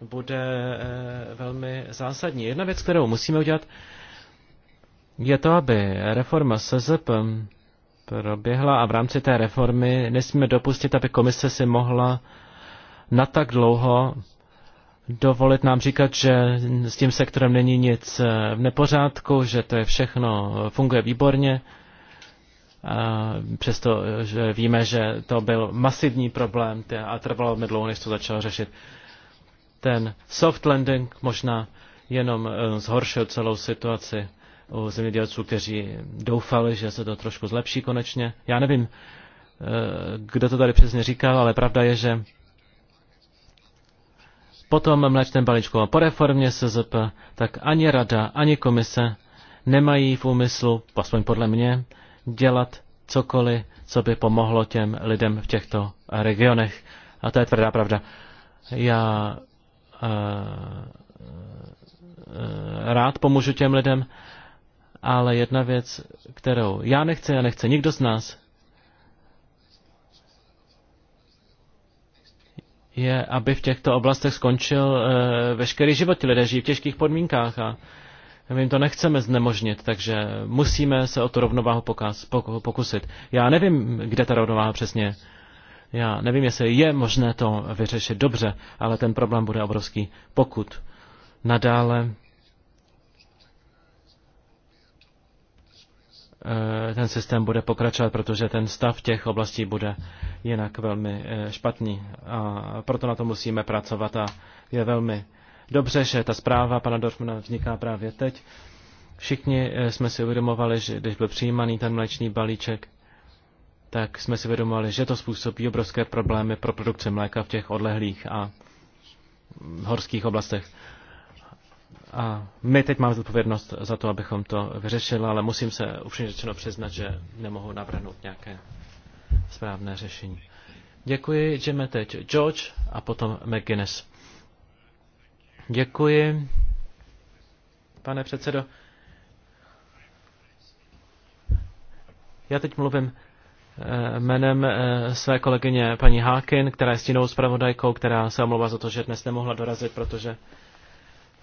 bude eh, velmi zásadní. Jedna věc, kterou musíme udělat, je to, aby reforma SZP proběhla a v rámci té reformy nesmíme dopustit, aby komise si mohla na tak dlouho dovolit nám říkat, že s tím sektorem není nic eh, v nepořádku, že to je všechno, eh, funguje výborně, přesto že víme, že to byl masivní problém a trvalo mi dlouho, než to začalo řešit. Ten soft landing možná jenom eh, zhoršil celou situaci u zemědělců, kteří doufali, že se to trošku zlepší konečně. Já nevím, kdo to tady přesně říkal, ale pravda je, že Potom mlečném balíčku a po reformě SZP, tak ani rada, ani komise nemají v úmyslu, aspoň podle mě, dělat cokoliv, co by pomohlo těm lidem v těchto regionech. A to je tvrdá pravda. Já eh, eh, rád pomůžu těm lidem, ale jedna věc, kterou já nechci a nechce nikdo z nás, je, aby v těchto oblastech skončil eh, veškerý život. lidé žijí v těžkých podmínkách a my jim to nechceme znemožnit, takže musíme se o tu rovnováhu pokaz, pokusit. Já nevím, kde ta rovnováha přesně já nevím, jestli je možné to vyřešit dobře, ale ten problém bude obrovský, pokud nadále Eh, ten systém bude pokračovat, protože ten stav těch oblastí bude jinak velmi eh, špatný. A proto na to musíme pracovat a je velmi dobře, že ta zpráva pana Dorfmana vzniká právě teď. Všichni eh, jsme si uvědomovali, že když byl přijímaný ten mléčný balíček, tak jsme si uvědomovali, že to způsobí obrovské problémy pro produkci mléka v těch odlehlých a horských oblastech. A my teď máme zodpovědnost za to, abychom to vyřešili, ale musím se upřímně řečeno přiznat, že nemohu navrhnout nějaké správné řešení. Děkuji, jdeme teď George a potom McGuinness. Děkuji, pane předsedo. Já teď mluvím eh, jménem eh, své kolegyně paní Hákin, která je stínou zpravodajkou, která se omlouvá za to, že dnes nemohla dorazit, protože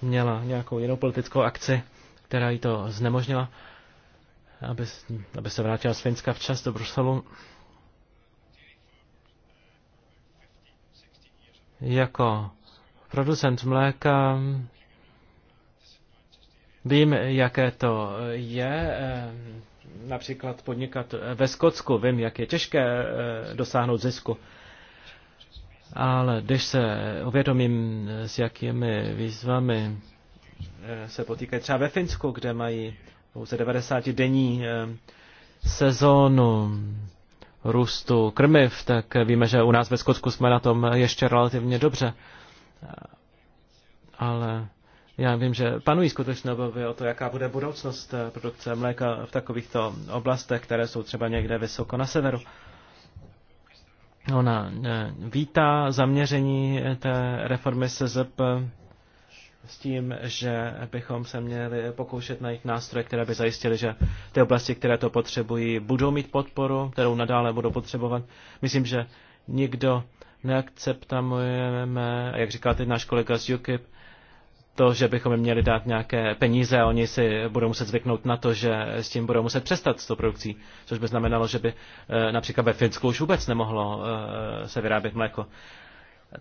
měla nějakou jinou politickou akci, která jí to znemožnila, aby, aby se vrátila z Finska včas do Bruselu. Jako producent mléka vím, jaké to je eh, například podnikat ve Skotsku. Vím, jak je těžké eh, dosáhnout zisku ale když se uvědomím, s jakými výzvami eh, se potýkají třeba ve Finsku, kde mají pouze 90 denní eh, sezónu růstu krmiv, tak víme, že u nás ve Skotsku jsme na tom ještě relativně dobře. Eh, ale já vím, že panují skutečné obavy o to, jaká bude budoucnost produkce mléka v takovýchto oblastech, které jsou třeba někde vysoko na severu. Ona eh, vítá zaměření eh, té reformy SZP s tím, že bychom se měli pokoušet najít nástroje, které by zajistily, že ty oblasti, které to potřebují, budou mít podporu, kterou nadále budou potřebovat. Myslím, že nikdo neakceptujeme, jak říká teď náš kolega z UKIP, to, že bychom měli dát nějaké peníze a oni si budou muset zvyknout na to, že s tím budou muset přestat s tou produkcí, což by znamenalo, že by eh, například ve Finsku už vůbec nemohlo eh, se vyrábět mléko.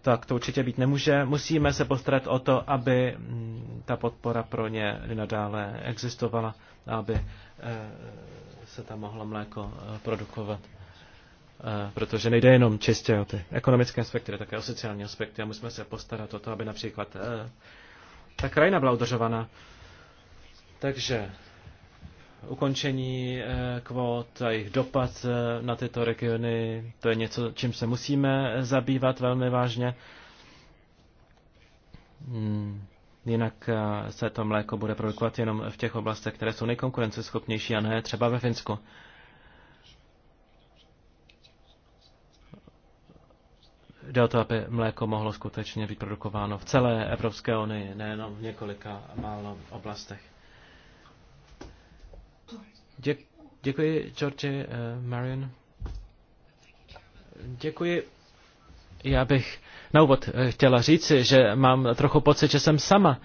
Tak to určitě být nemůže. Musíme se postarat o to, aby mm, ta podpora pro ně nadále existovala, aby eh, se tam mohlo mléko produkovat protože nejde jenom čistě o ty ekonomické aspekty, ale také o sociální aspekty a musíme se postarat o to, aby například ta krajina byla udržovaná. Takže ukončení eh, kvót a jejich dopad eh, na tyto regiony, to je něco, čím se musíme eh, zabývat velmi vážně. Hmm. Jinak se to mléko bude produkovat jenom v těch oblastech, které jsou nejkonkurenceschopnější a ne třeba ve Finsku. Jde o to, aby mléko mohlo skutečně být produkováno v celé Evropské unii, nejenom v několika málo oblastech. Děkuji. Děkuji, George eh, Marion. Děkuji. Já bych na úvod eh, chtěla říci, že mám trochu pocit, že jsem sama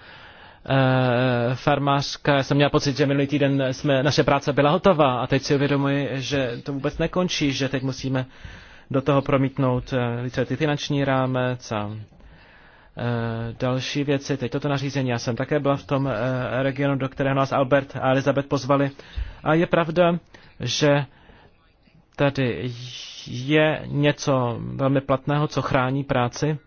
e, farmářka. Já jsem měla pocit, že minulý týden jsme, naše práce byla hotová a teď si uvědomuji, že to vůbec nekončí, že teď musíme do toho promítnout eh, více ty finanční rámec a eh, další věci. Teď toto nařízení, já jsem také byla v tom eh, regionu, do kterého nás Albert a Elizabeth pozvali. A je pravda, že tady je něco velmi platného, co chrání práci.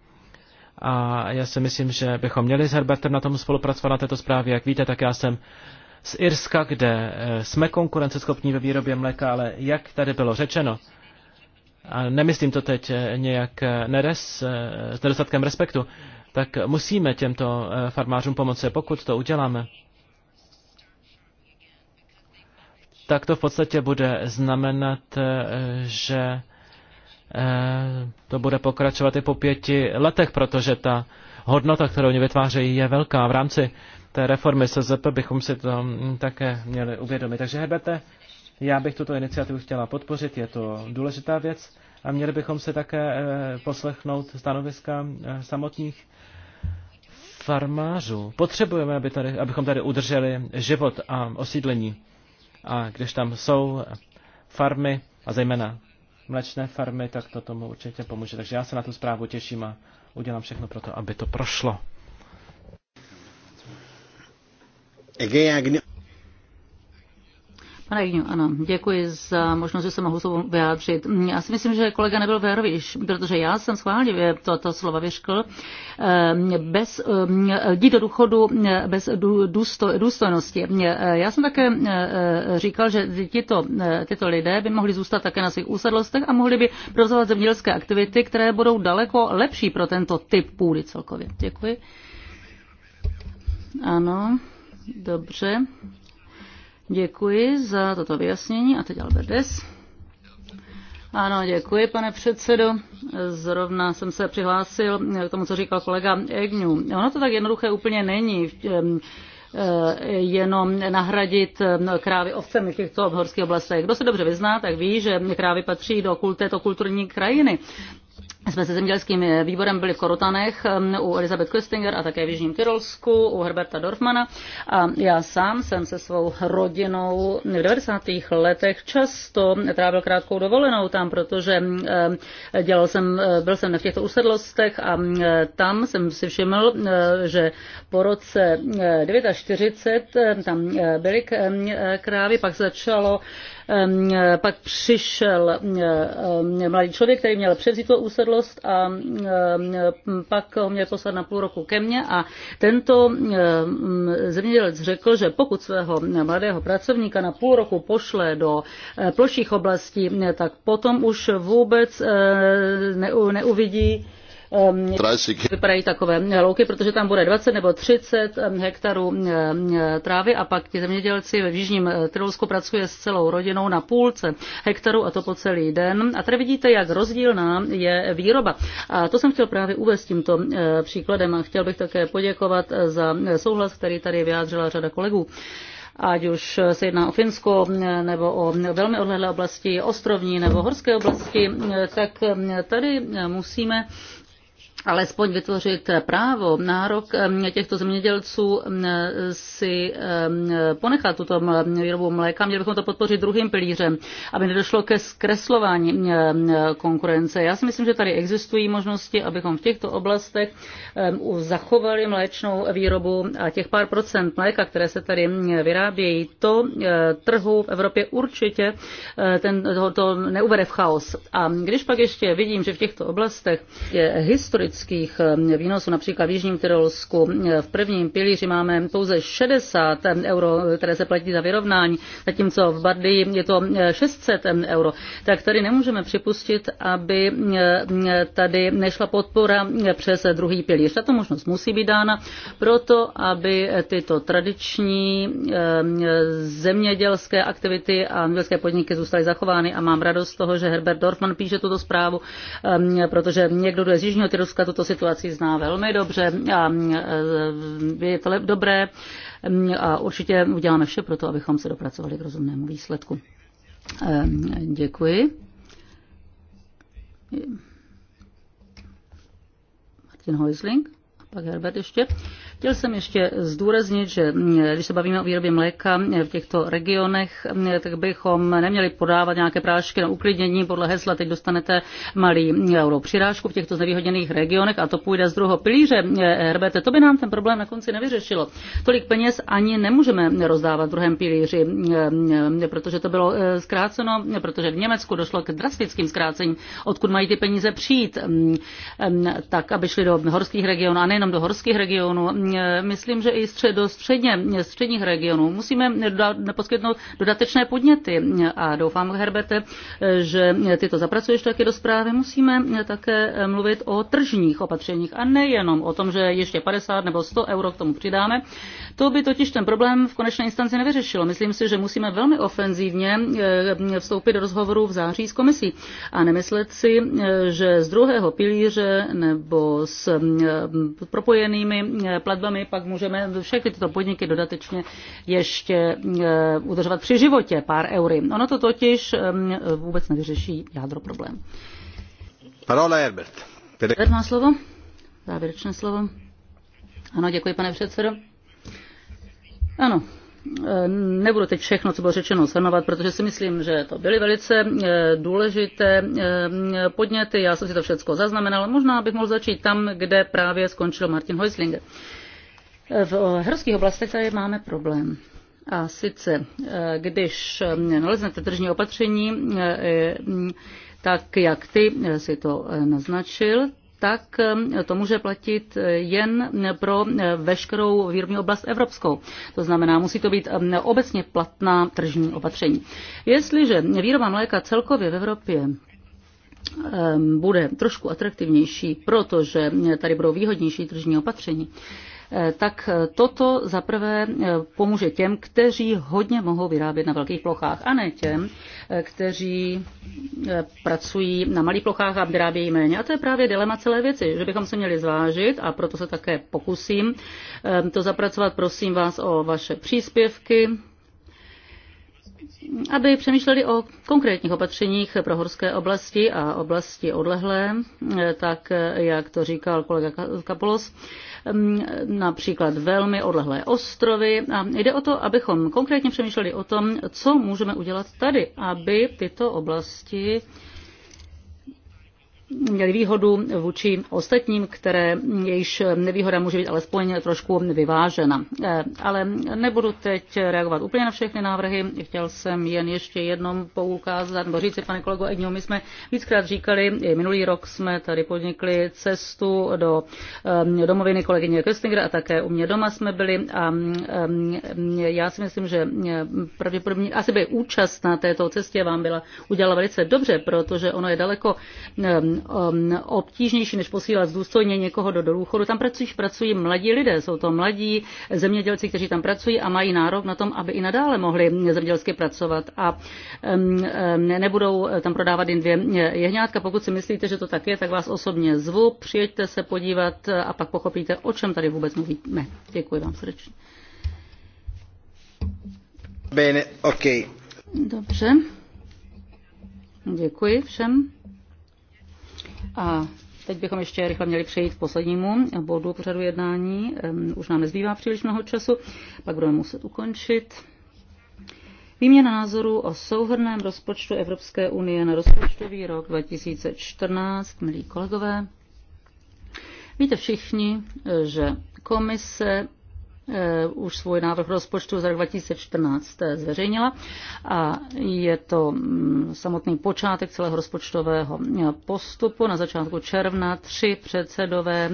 A já si myslím, že bychom měli s Herbertem na tom spolupracovat na této zprávě. Jak víte, tak já jsem z Irska, kde jsme konkurenceschopní ve výrobě mléka, ale jak tady bylo řečeno, a nemyslím to teď eh, nějak eh, neres, eh, s nedostatkem respektu, tak musíme těmto farmářům pomoci, pokud to uděláme. Tak to v podstatě bude znamenat, že to bude pokračovat i po pěti letech, protože ta hodnota, kterou oni vytvářejí, je velká. V rámci té reformy SZP bychom si to mm, také měli uvědomit. Takže Herbete, já bych tuto iniciativu chtěla podpořit, je to důležitá věc a měli bychom se také eh, poslechnout stanoviska eh, samotných farmářů. Potřebujeme, aby tady, abychom tady udrželi život a osídlení. A když tam jsou farmy, a zejména mlečné farmy, tak to tomu určitě pomůže. Takže já se na tu zprávu těším a udělám všechno pro to, aby to prošlo. Pane Jinu, ano, děkuji za možnost, že se mohu slovo vyjádřit. Já si myslím, že kolega nebyl verviš, protože já jsem schválně toto slovo vyškl. Eh, bez, eh, jít do důchodu eh, bez důsto, důstojnosti. Já jsem také říkal, že tyto, tyto lidé by mohli zůstat také na svých úsadlostech a mohli by provozovat zemědělské aktivity, které budou daleko lepší pro tento typ půdy celkově. Děkuji. Ano, dobře. Děkuji za toto vyjasnění. A teď Albert Des. Ano, děkuji, pane předsedo. Zrovna jsem se přihlásil k tomu, co říkal kolega Egnu. Ono to tak jednoduché úplně není ehm, eh, jenom nahradit ehm, krávy ovcemi v těchto horských oblastech. Kdo se dobře vyzná, tak ví, že krávy patří do této kulturní krajiny jsme se zemědělským eh, výborem byli v Korotanech mm, u Elizabeth Köstinger a také v Jižním Tyrolsku u Herberta Dorfmana. A já sám jsem se svou rodinou v 90. letech často trávil krátkou dovolenou tam, protože mm, eh, dělal jsem, eh, byl jsem v těchto usedlostech a mm, tam jsem si všiml, že po roce 49 tam byly krávy, pak začalo pak přišel mladý člověk, který měl převzít to úsedlo způsobilost a mm, mm, pak ho měl poslat na půl roku ke mně a tento mm, zemědělec řekl, že pokud svého mladého pracovníka na půl roku pošle do eh, ploších oblastí, tak potom už vůbec eh, neuvidí Ehm, vypadají takové louky, protože tam bude 20 nebo 30 ehm, hektarů ehm, trávy a pak ti zemědělci ve Jižním eh, Tyrolsku pracuje s celou rodinou na půlce hektaru a to po celý den. A tady vidíte, jak rozdílná je výroba. A to jsem chtěl právě uvést tímto eh, příkladem a chtěl bych také poděkovat eh, za souhlas, který tady vyjádřila řada kolegů ať už se jedná o Finsko nebo o velmi odlehlé oblasti, ostrovní nebo horské oblasti, tak tady musíme alespoň vytvořit právo, nárok těchto zemědělců si ponechat tuto výrobu mléka, měli bychom to podpořit druhým pilířem, aby nedošlo ke zkreslování konkurence. Já si myslím, že tady existují možnosti, abychom v těchto oblastech zachovali mléčnou výrobu a těch pár procent mléka, které se tady vyrábějí, to e, trhu v Evropě určitě e, ten, to, to neuvede v chaos. A když pak ještě vidím, že v těchto oblastech je historicky energetických eh, výnosů, například v Jižním Tyrolsku. Eh, v prvním pilíři máme pouze 60 eh, euro, které se platí za vyrovnání, zatímco v Bardii je to 600 euro. Tak tady nemůžeme připustit, aby tady nešla podpora přes druhý pilíř. Tato možnost musí být dána proto, aby tyto tradiční zemědělské aktivity a zemědělské podniky zůstaly zachovány a mám radost z toho, že Herbert Dorfman píše tuto zprávu, protože někdo, kdo je z Jižního Tyrolska, tuto situaci zná velmi dobře a je to dobré a určitě uděláme vše pro to, abychom se dopracovali k rozumnému výsledku. Ehm, děkuji. Martin Heusling a pak Herbert ještě. Chtěl jsem ještě zdůraznit, že mm, když se bavíme o výrobě mléka eh, v těchto regionech, mm, tak bychom neměli podávat nějaké prášky na uklidnění. Podle hesla teď dostanete malý mm, euro přirážku v těchto znevýhodněných regionech a to půjde z druhého pilíře. Eh, Herberte, to by nám ten problém na konci nevyřešilo. Tolik peněz ani nemůžeme rozdávat v druhém pilíři, eh, protože to bylo zkráceno, protože v Německu došlo k drastickým zkrácením, odkud mají ty peníze přijít, tak aby šly do horských regionů a nejenom do horských regionů Eh, myslím, že i do středně, středních regionů musíme poskytnout dodatečné podněty a doufám, Herberte, eh, že ty to zapracuješ taky do zprávy. Musíme eh, také mluvit o tržních opatřeních a nejenom o tom, že ještě 50 nebo 100 euro k tomu přidáme. To by totiž ten problém v konečné instanci nevyřešilo. Myslím si, že musíme velmi ofenzívně vstoupit do rozhovoru v září s komisí a nemyslet si, že z druhého pilíře nebo s propojenými platbami my pak můžeme všechny tyto podniky dodatečně ještě eh, udržovat při životě pár eury. Ono to totiž ehm, vůbec nevyřeší jádro problém. Parola Herbert. Herbert má slovo? Závěrečné slovo. Ano, děkuji, pane předsedo. Ano, ehm, Nebudu teď všechno, co bylo řečeno, shrnovat, protože si myslím, že to byly velice eh, důležité ehm, podněty. Já jsem si to všechno zaznamenal. Možná bych mohl začít tam, kde právě skončil Martin Heuslinger. V horských oblastech tady máme problém. A sice, eh, když eh, naleznete tržní opatření, eh, tak jak ty si to naznačil, tak to může platit jen pro veškerou výrobní oblast evropskou. To znamená, musí to být obecně platná tržní opatření. Jestliže výroba mléka celkově v Evropě bude trošku atraktivnější, protože tady budou výhodnější tržní opatření, Eh, tak eh, toto zaprvé eh, pomůže těm, kteří hodně mohou vyrábět na velkých plochách a ne těm, kteří pracují na malých plochách a vyrábějí méně. A to je právě dilema celé věci, že bychom se měli zvážit a proto se také pokusím to zapracovat. Prosím vás o vaše příspěvky aby přemýšleli o konkrétních opatřeních pro horské oblasti a oblasti odlehlé, tak jak to říkal kolega Kapolos, mm, například velmi odlehlé ostrovy. A jde o to, abychom konkrétně přemýšleli o tom, co můžeme udělat tady, aby tyto oblasti měli výhodu vůči ostatním, které jejíž nevýhoda může být alespoň trošku vyvážena. Eh, ale nebudu teď reagovat úplně na všechny návrhy. Chtěl jsem jen ještě jednou poukázat, nebo si, pane kolego Edňo, my jsme víckrát říkali, minulý rok jsme tady podnikli cestu do eh, domoviny kolegyně Köstinger a také u mě doma jsme byli a eh, já si myslím, že pravděpodobně asi by účast na této cestě vám byla udělala velice dobře, protože ono je daleko Um, obtížnější, než posílat důstojně někoho do důchodu. Tam pracují, pracují mladí lidé, jsou to mladí zemědělci, kteří tam pracují a mají nárok na tom, aby i nadále mohli zemědělsky pracovat a um, um, nebudou tam prodávat jen dvě jehňátka. Pokud si myslíte, že to tak je, tak vás osobně zvu, přijďte se podívat a pak pochopíte, o čem tady vůbec mluvíme. Děkuji vám srdečně. Bene, okay. Dobře. Děkuji všem. A teď bychom ještě rychle měli přejít k poslednímu bodu pořadu jednání. Už nám nezbývá příliš mnoho času, pak budeme muset ukončit. Výměna názoru o souhrném rozpočtu Evropské unie na rozpočtový rok 2014, milí kolegové. Víte všichni, že komise Eh, už svůj návrh rozpočtu za 2014 eh, zveřejnila a je to mm, samotný počátek celého rozpočtového eh, postupu. Na začátku června tři předsedové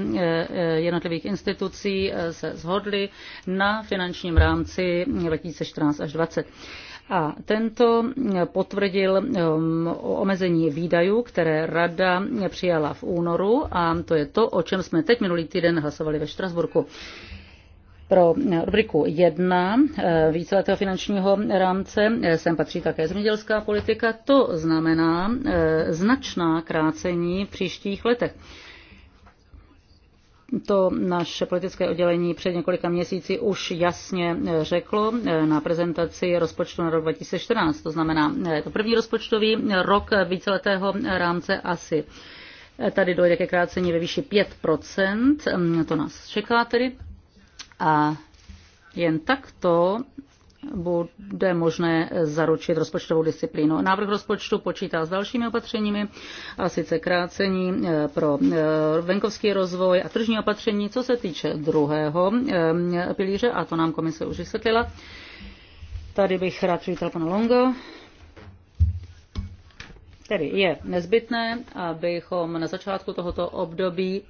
jednotlivých institucí se zhodli na finančním rámci 2014 až 2020. A tento potvrdil omezení výdajů, které rada přijala v únoru a to je to, o čem jsme teď minulý týden hlasovali ve Štrasburku. Pro rubriku 1 eh, víceletého finančního rámce sem patří také zemědělská politika. To znamená eh, značná krácení v příštích letech to naše politické oddělení před několika měsíci už jasně eh, řeklo na prezentaci rozpočtu na rok 2014. To znamená, to první rozpočtový rok víceletého rámce asi. Tady dojde ke krácení ve výši 5%, mm, to nás čeká tedy a jen takto bude možné zaručit rozpočtovou disciplínu. Návrh rozpočtu počítá s dalšími opatřeními, a sice krácení e, pro e, venkovský rozvoj a tržní opatření, co se týče druhého e, pilíře, a to nám komise už vysvětlila. Tady bych rád přivítal pana Longo. Tedy je nezbytné, abychom na začátku tohoto období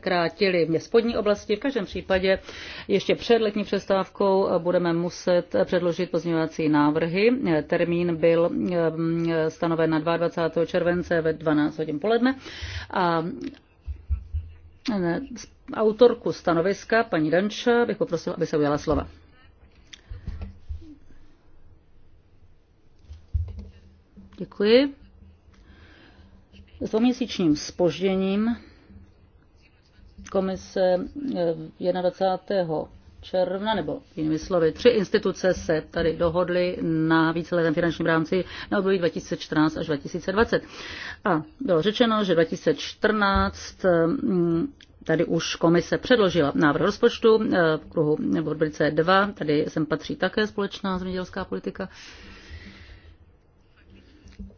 krátili v spodní oblasti. V každém případě ještě před letní přestávkou budeme muset předložit pozměňovací návrhy. Termín byl stanoven na 22. července ve 12 hodin poledne. A autorku stanoviska, paní Danča, bych poprosila, aby se ujala slova. Děkuji. S dvouměsíčním spožděním komise 21 eh, června, nebo jinými slovy, tři instituce se tady dohodly na víceletém finančním rámci na období 2014 až 2020. A bylo řečeno, že 2014 eh, tady už komise předložila návrh rozpočtu eh, v kruhu nebo v 2, tady sem patří také společná zemědělská politika.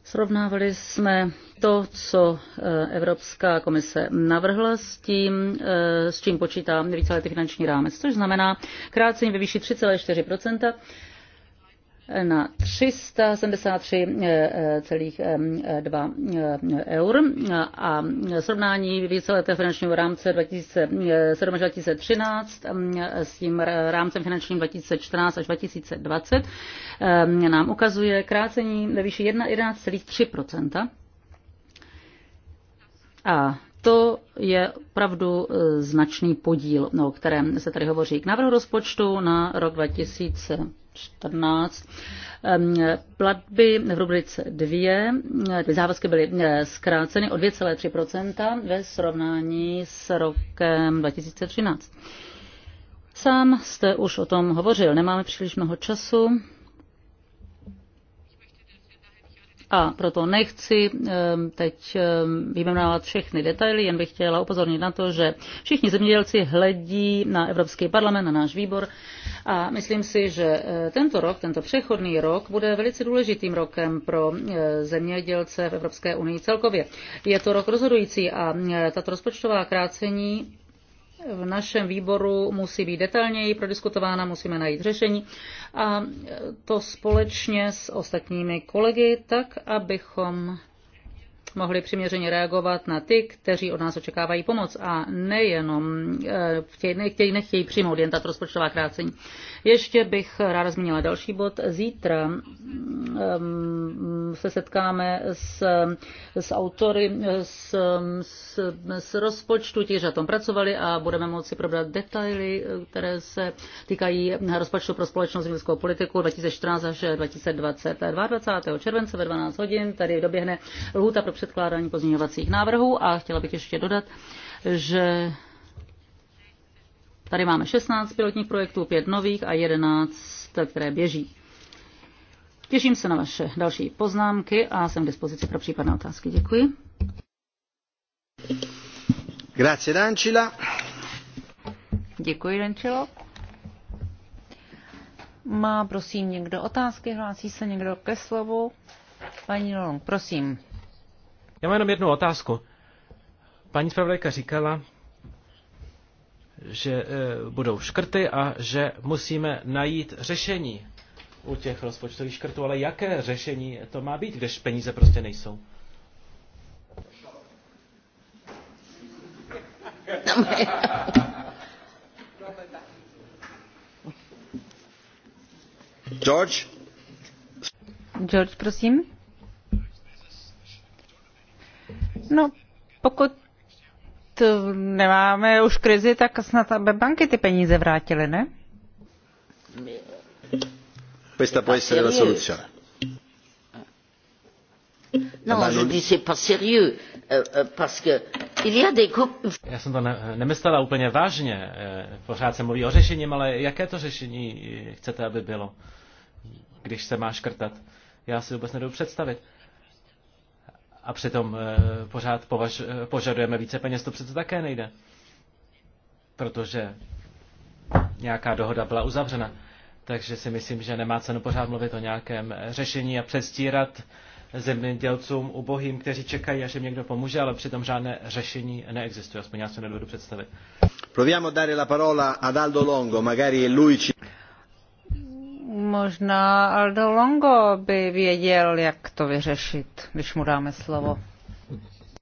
Srovnávali jsme to, co eh, Evropská komise navrhla s tím, eh, s čím počítá víceletý finanční rámec, což znamená krácení ve výši 3,4 na 373,2 eh, eh, eh, eur a srovnání víceletého finančního rámce 2007-2013 s tím rámcem finančním 2014 až 2020 nám ukazuje krácení ve výši 11,3 a to je opravdu značný podíl, no, o kterém se tady hovoří k návrhu rozpočtu na rok 2020. 14. Platby v rubrice 2, závazky byly eh, zkráceny o 2,3 ve srovnání s rokem 2013. Sám jste už o tom hovořil, nemáme příliš mnoho času. A proto nechci ehm, teď ehm, vyjmenovat všechny detaily, jen bych chtěla upozornit na to, že všichni zemědělci hledí na Evropský parlament, na náš výbor a myslím si, že eh, tento rok, tento přechodný rok, bude velice důležitým rokem pro eh, zemědělce v Evropské unii celkově. Je to rok rozhodující a eh, tato rozpočtová krácení v našem výboru musí být detailněji prodiskutována, musíme najít řešení a to společně s ostatními kolegy, tak abychom mohli přiměřeně reagovat na ty, kteří od nás očekávají pomoc a nejenom eh, chtějí, nechtějí, nechtějí přijmout jen tato rozpočtová krácení. Ještě bych ráda zmínila další bod. Zítra mm, se setkáme s, s autory s, s, s rozpočtu, těch, že tom pracovali a budeme moci probrat detaily, eh, které se týkají rozpočtu pro společnou zemědělskou politiku 2014 až 2020. 22. července ve 12 hodin tady doběhne lhůta pro před předkládání pozměňovacích návrhů a chtěla bych ještě dodat, že tady máme 16 pilotních projektů, 5 nových a 11, které běží. Těším se na vaše další poznámky a jsem k dispozici pro případné otázky. Děkuji. Grazie, Dančila. Děkuji, Dančilo. Má prosím někdo otázky? Hlásí se někdo ke slovu? Paní Long, prosím. Já mám jenom jednu otázku. Paní zpravodajka říkala, že e, budou škrty a že musíme najít řešení u těch rozpočtových škrtů, ale jaké řešení to má být, když peníze prostě nejsou? George? George, prosím. No, pokud nemáme už krizi, tak snad aby banky ty peníze vrátily, ne? Questa può essere la soluzione. No, non, je dis c'est pas sérieux, euh, euh, parce que il y a des Já jsem to ne, nemyslela úplně vážně. Eh, pořád se mluví o řešení, ale jaké to řešení eh, chcete, aby bylo, když se má škrtat? Já si vůbec nedou představit a přitom eh, pořád považ, eh, požadujeme více peněz, to přece také nejde. Protože nějaká dohoda byla uzavřena. Takže si myslím, že nemá cenu pořád mluvit o nějakém eh, řešení a přestírat zemědělcům ubohým, kteří čekají, až jim někdo pomůže, ale přitom žádné řešení neexistuje, aspoň já si nedovedu představit. Proviamo dare la parola ad Aldo Longo, magari lui ci... Možná Aldo Longo by věděl, jak to vyřešit, když mu dáme slovo.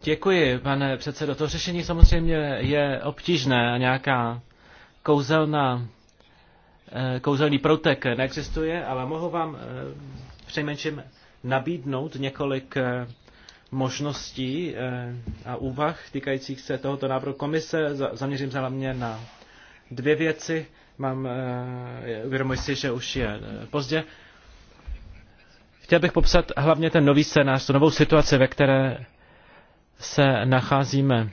Děkuji, pane předsedo. To řešení samozřejmě je obtížné a nějaká kouzelná, eh, kouzelný protek neexistuje, ale mohu vám eh, přejmenším nabídnout několik eh, možností a úvah týkajících se tohoto návrhu komise. Zaměřím se hlavně na dvě věci. Mám, eh, uvědomuji si, že už je eh, pozdě. Chtěl bych popsat hlavně ten nový scénář, tu novou situaci, ve které se nacházíme,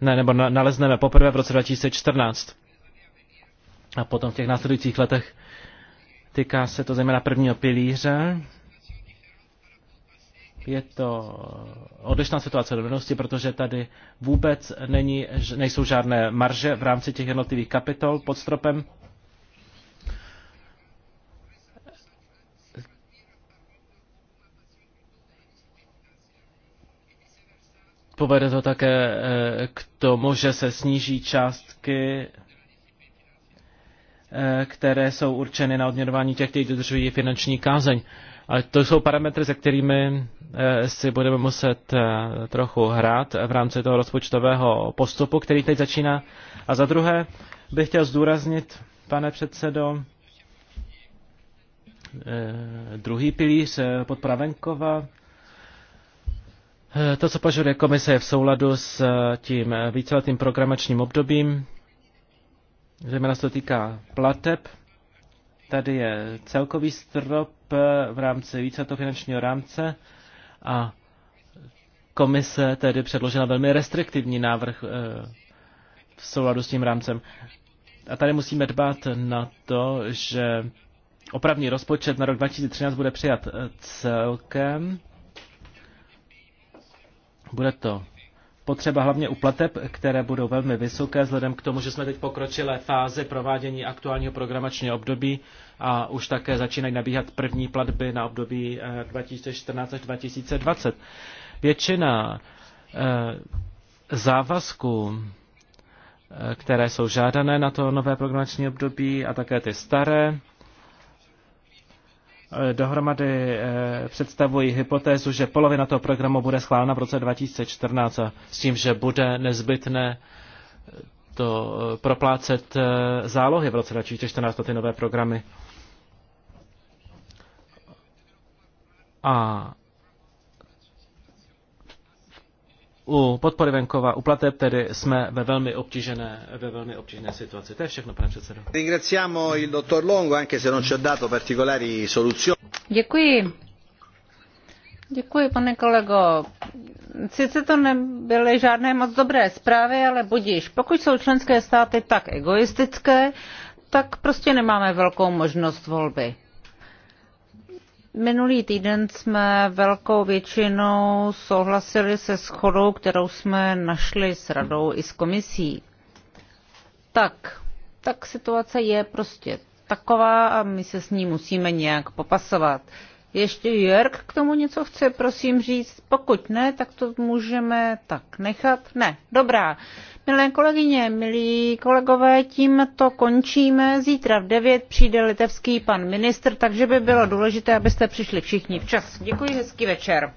ne, nebo nalezneme poprvé v roce 2014 a potom v těch následujících letech. Týká se to zejména prvního pilíře, je to odlišná situace do minulosti, protože tady vůbec není, nejsou žádné marže v rámci těch jednotlivých kapitol pod stropem. Povede to také eh, k tomu, že se sníží částky, eh, které jsou určeny na odměnování těch, kteří dodržují finanční kázeň. Ale to jsou parametry, se kterými eh, si budeme muset eh, trochu hrát v rámci toho rozpočtového postupu, který teď začíná. A za druhé bych chtěl zdůraznit, pane předsedo, eh, druhý pilíř pod Pravenkova. To, co požaduje komise, je v souladu s tím víceletým programačním obdobím, zejména se to týká plateb tady je celkový strop eh, v rámci víceletého finančního rámce a komise tedy předložila velmi restriktivní návrh eh, v souladu s tím rámcem. A tady musíme dbát na to, že opravní rozpočet na rok 2013 bude přijat eh, celkem. Bude to potřeba hlavně u plateb, které budou velmi vysoké, vzhledem k tomu, že jsme teď pokročilé fáze provádění aktuálního programačního období a už také začínají nabíhat první platby na období 2014 eh, až 2020. Většina eh, závazků, eh, které jsou žádané na to nové programační období a také ty staré, Eh, dohromady eh, představují hypotézu, že polovina toho programu bude schválena v roce 2014 s tím, že bude nezbytné eh, to proplácet zálohy v roce 2014 na ty nové programy. A u podpory venkova, u plateb tedy jsme ve velmi obtížené, ve velmi obtížené situaci. To je všechno, pane předsedo. Ringraziamo il dottor Longo, anche se non ci ha dato particolari soluzioni. Děkuji. Děkuji, pane kolego. Sice to nebyly žádné moc dobré zprávy, ale budíš. Pokud jsou členské státy tak egoistické, tak prostě nemáme velkou možnost volby. Minulý týden jsme velkou většinou souhlasili se schodou, kterou jsme našli s radou i s komisí. Tak, tak situace je prostě taková a my se s ní musíme nějak popasovat. Ještě Jörg k tomu něco chce, prosím říct. Pokud ne, tak to můžeme tak nechat. Ne, dobrá. Milé kolegyně, milí kolegové, tím to končíme. Zítra v 9 přijde litevský pan ministr, takže by bylo důležité, abyste přišli všichni včas. Děkuji, hezký večer.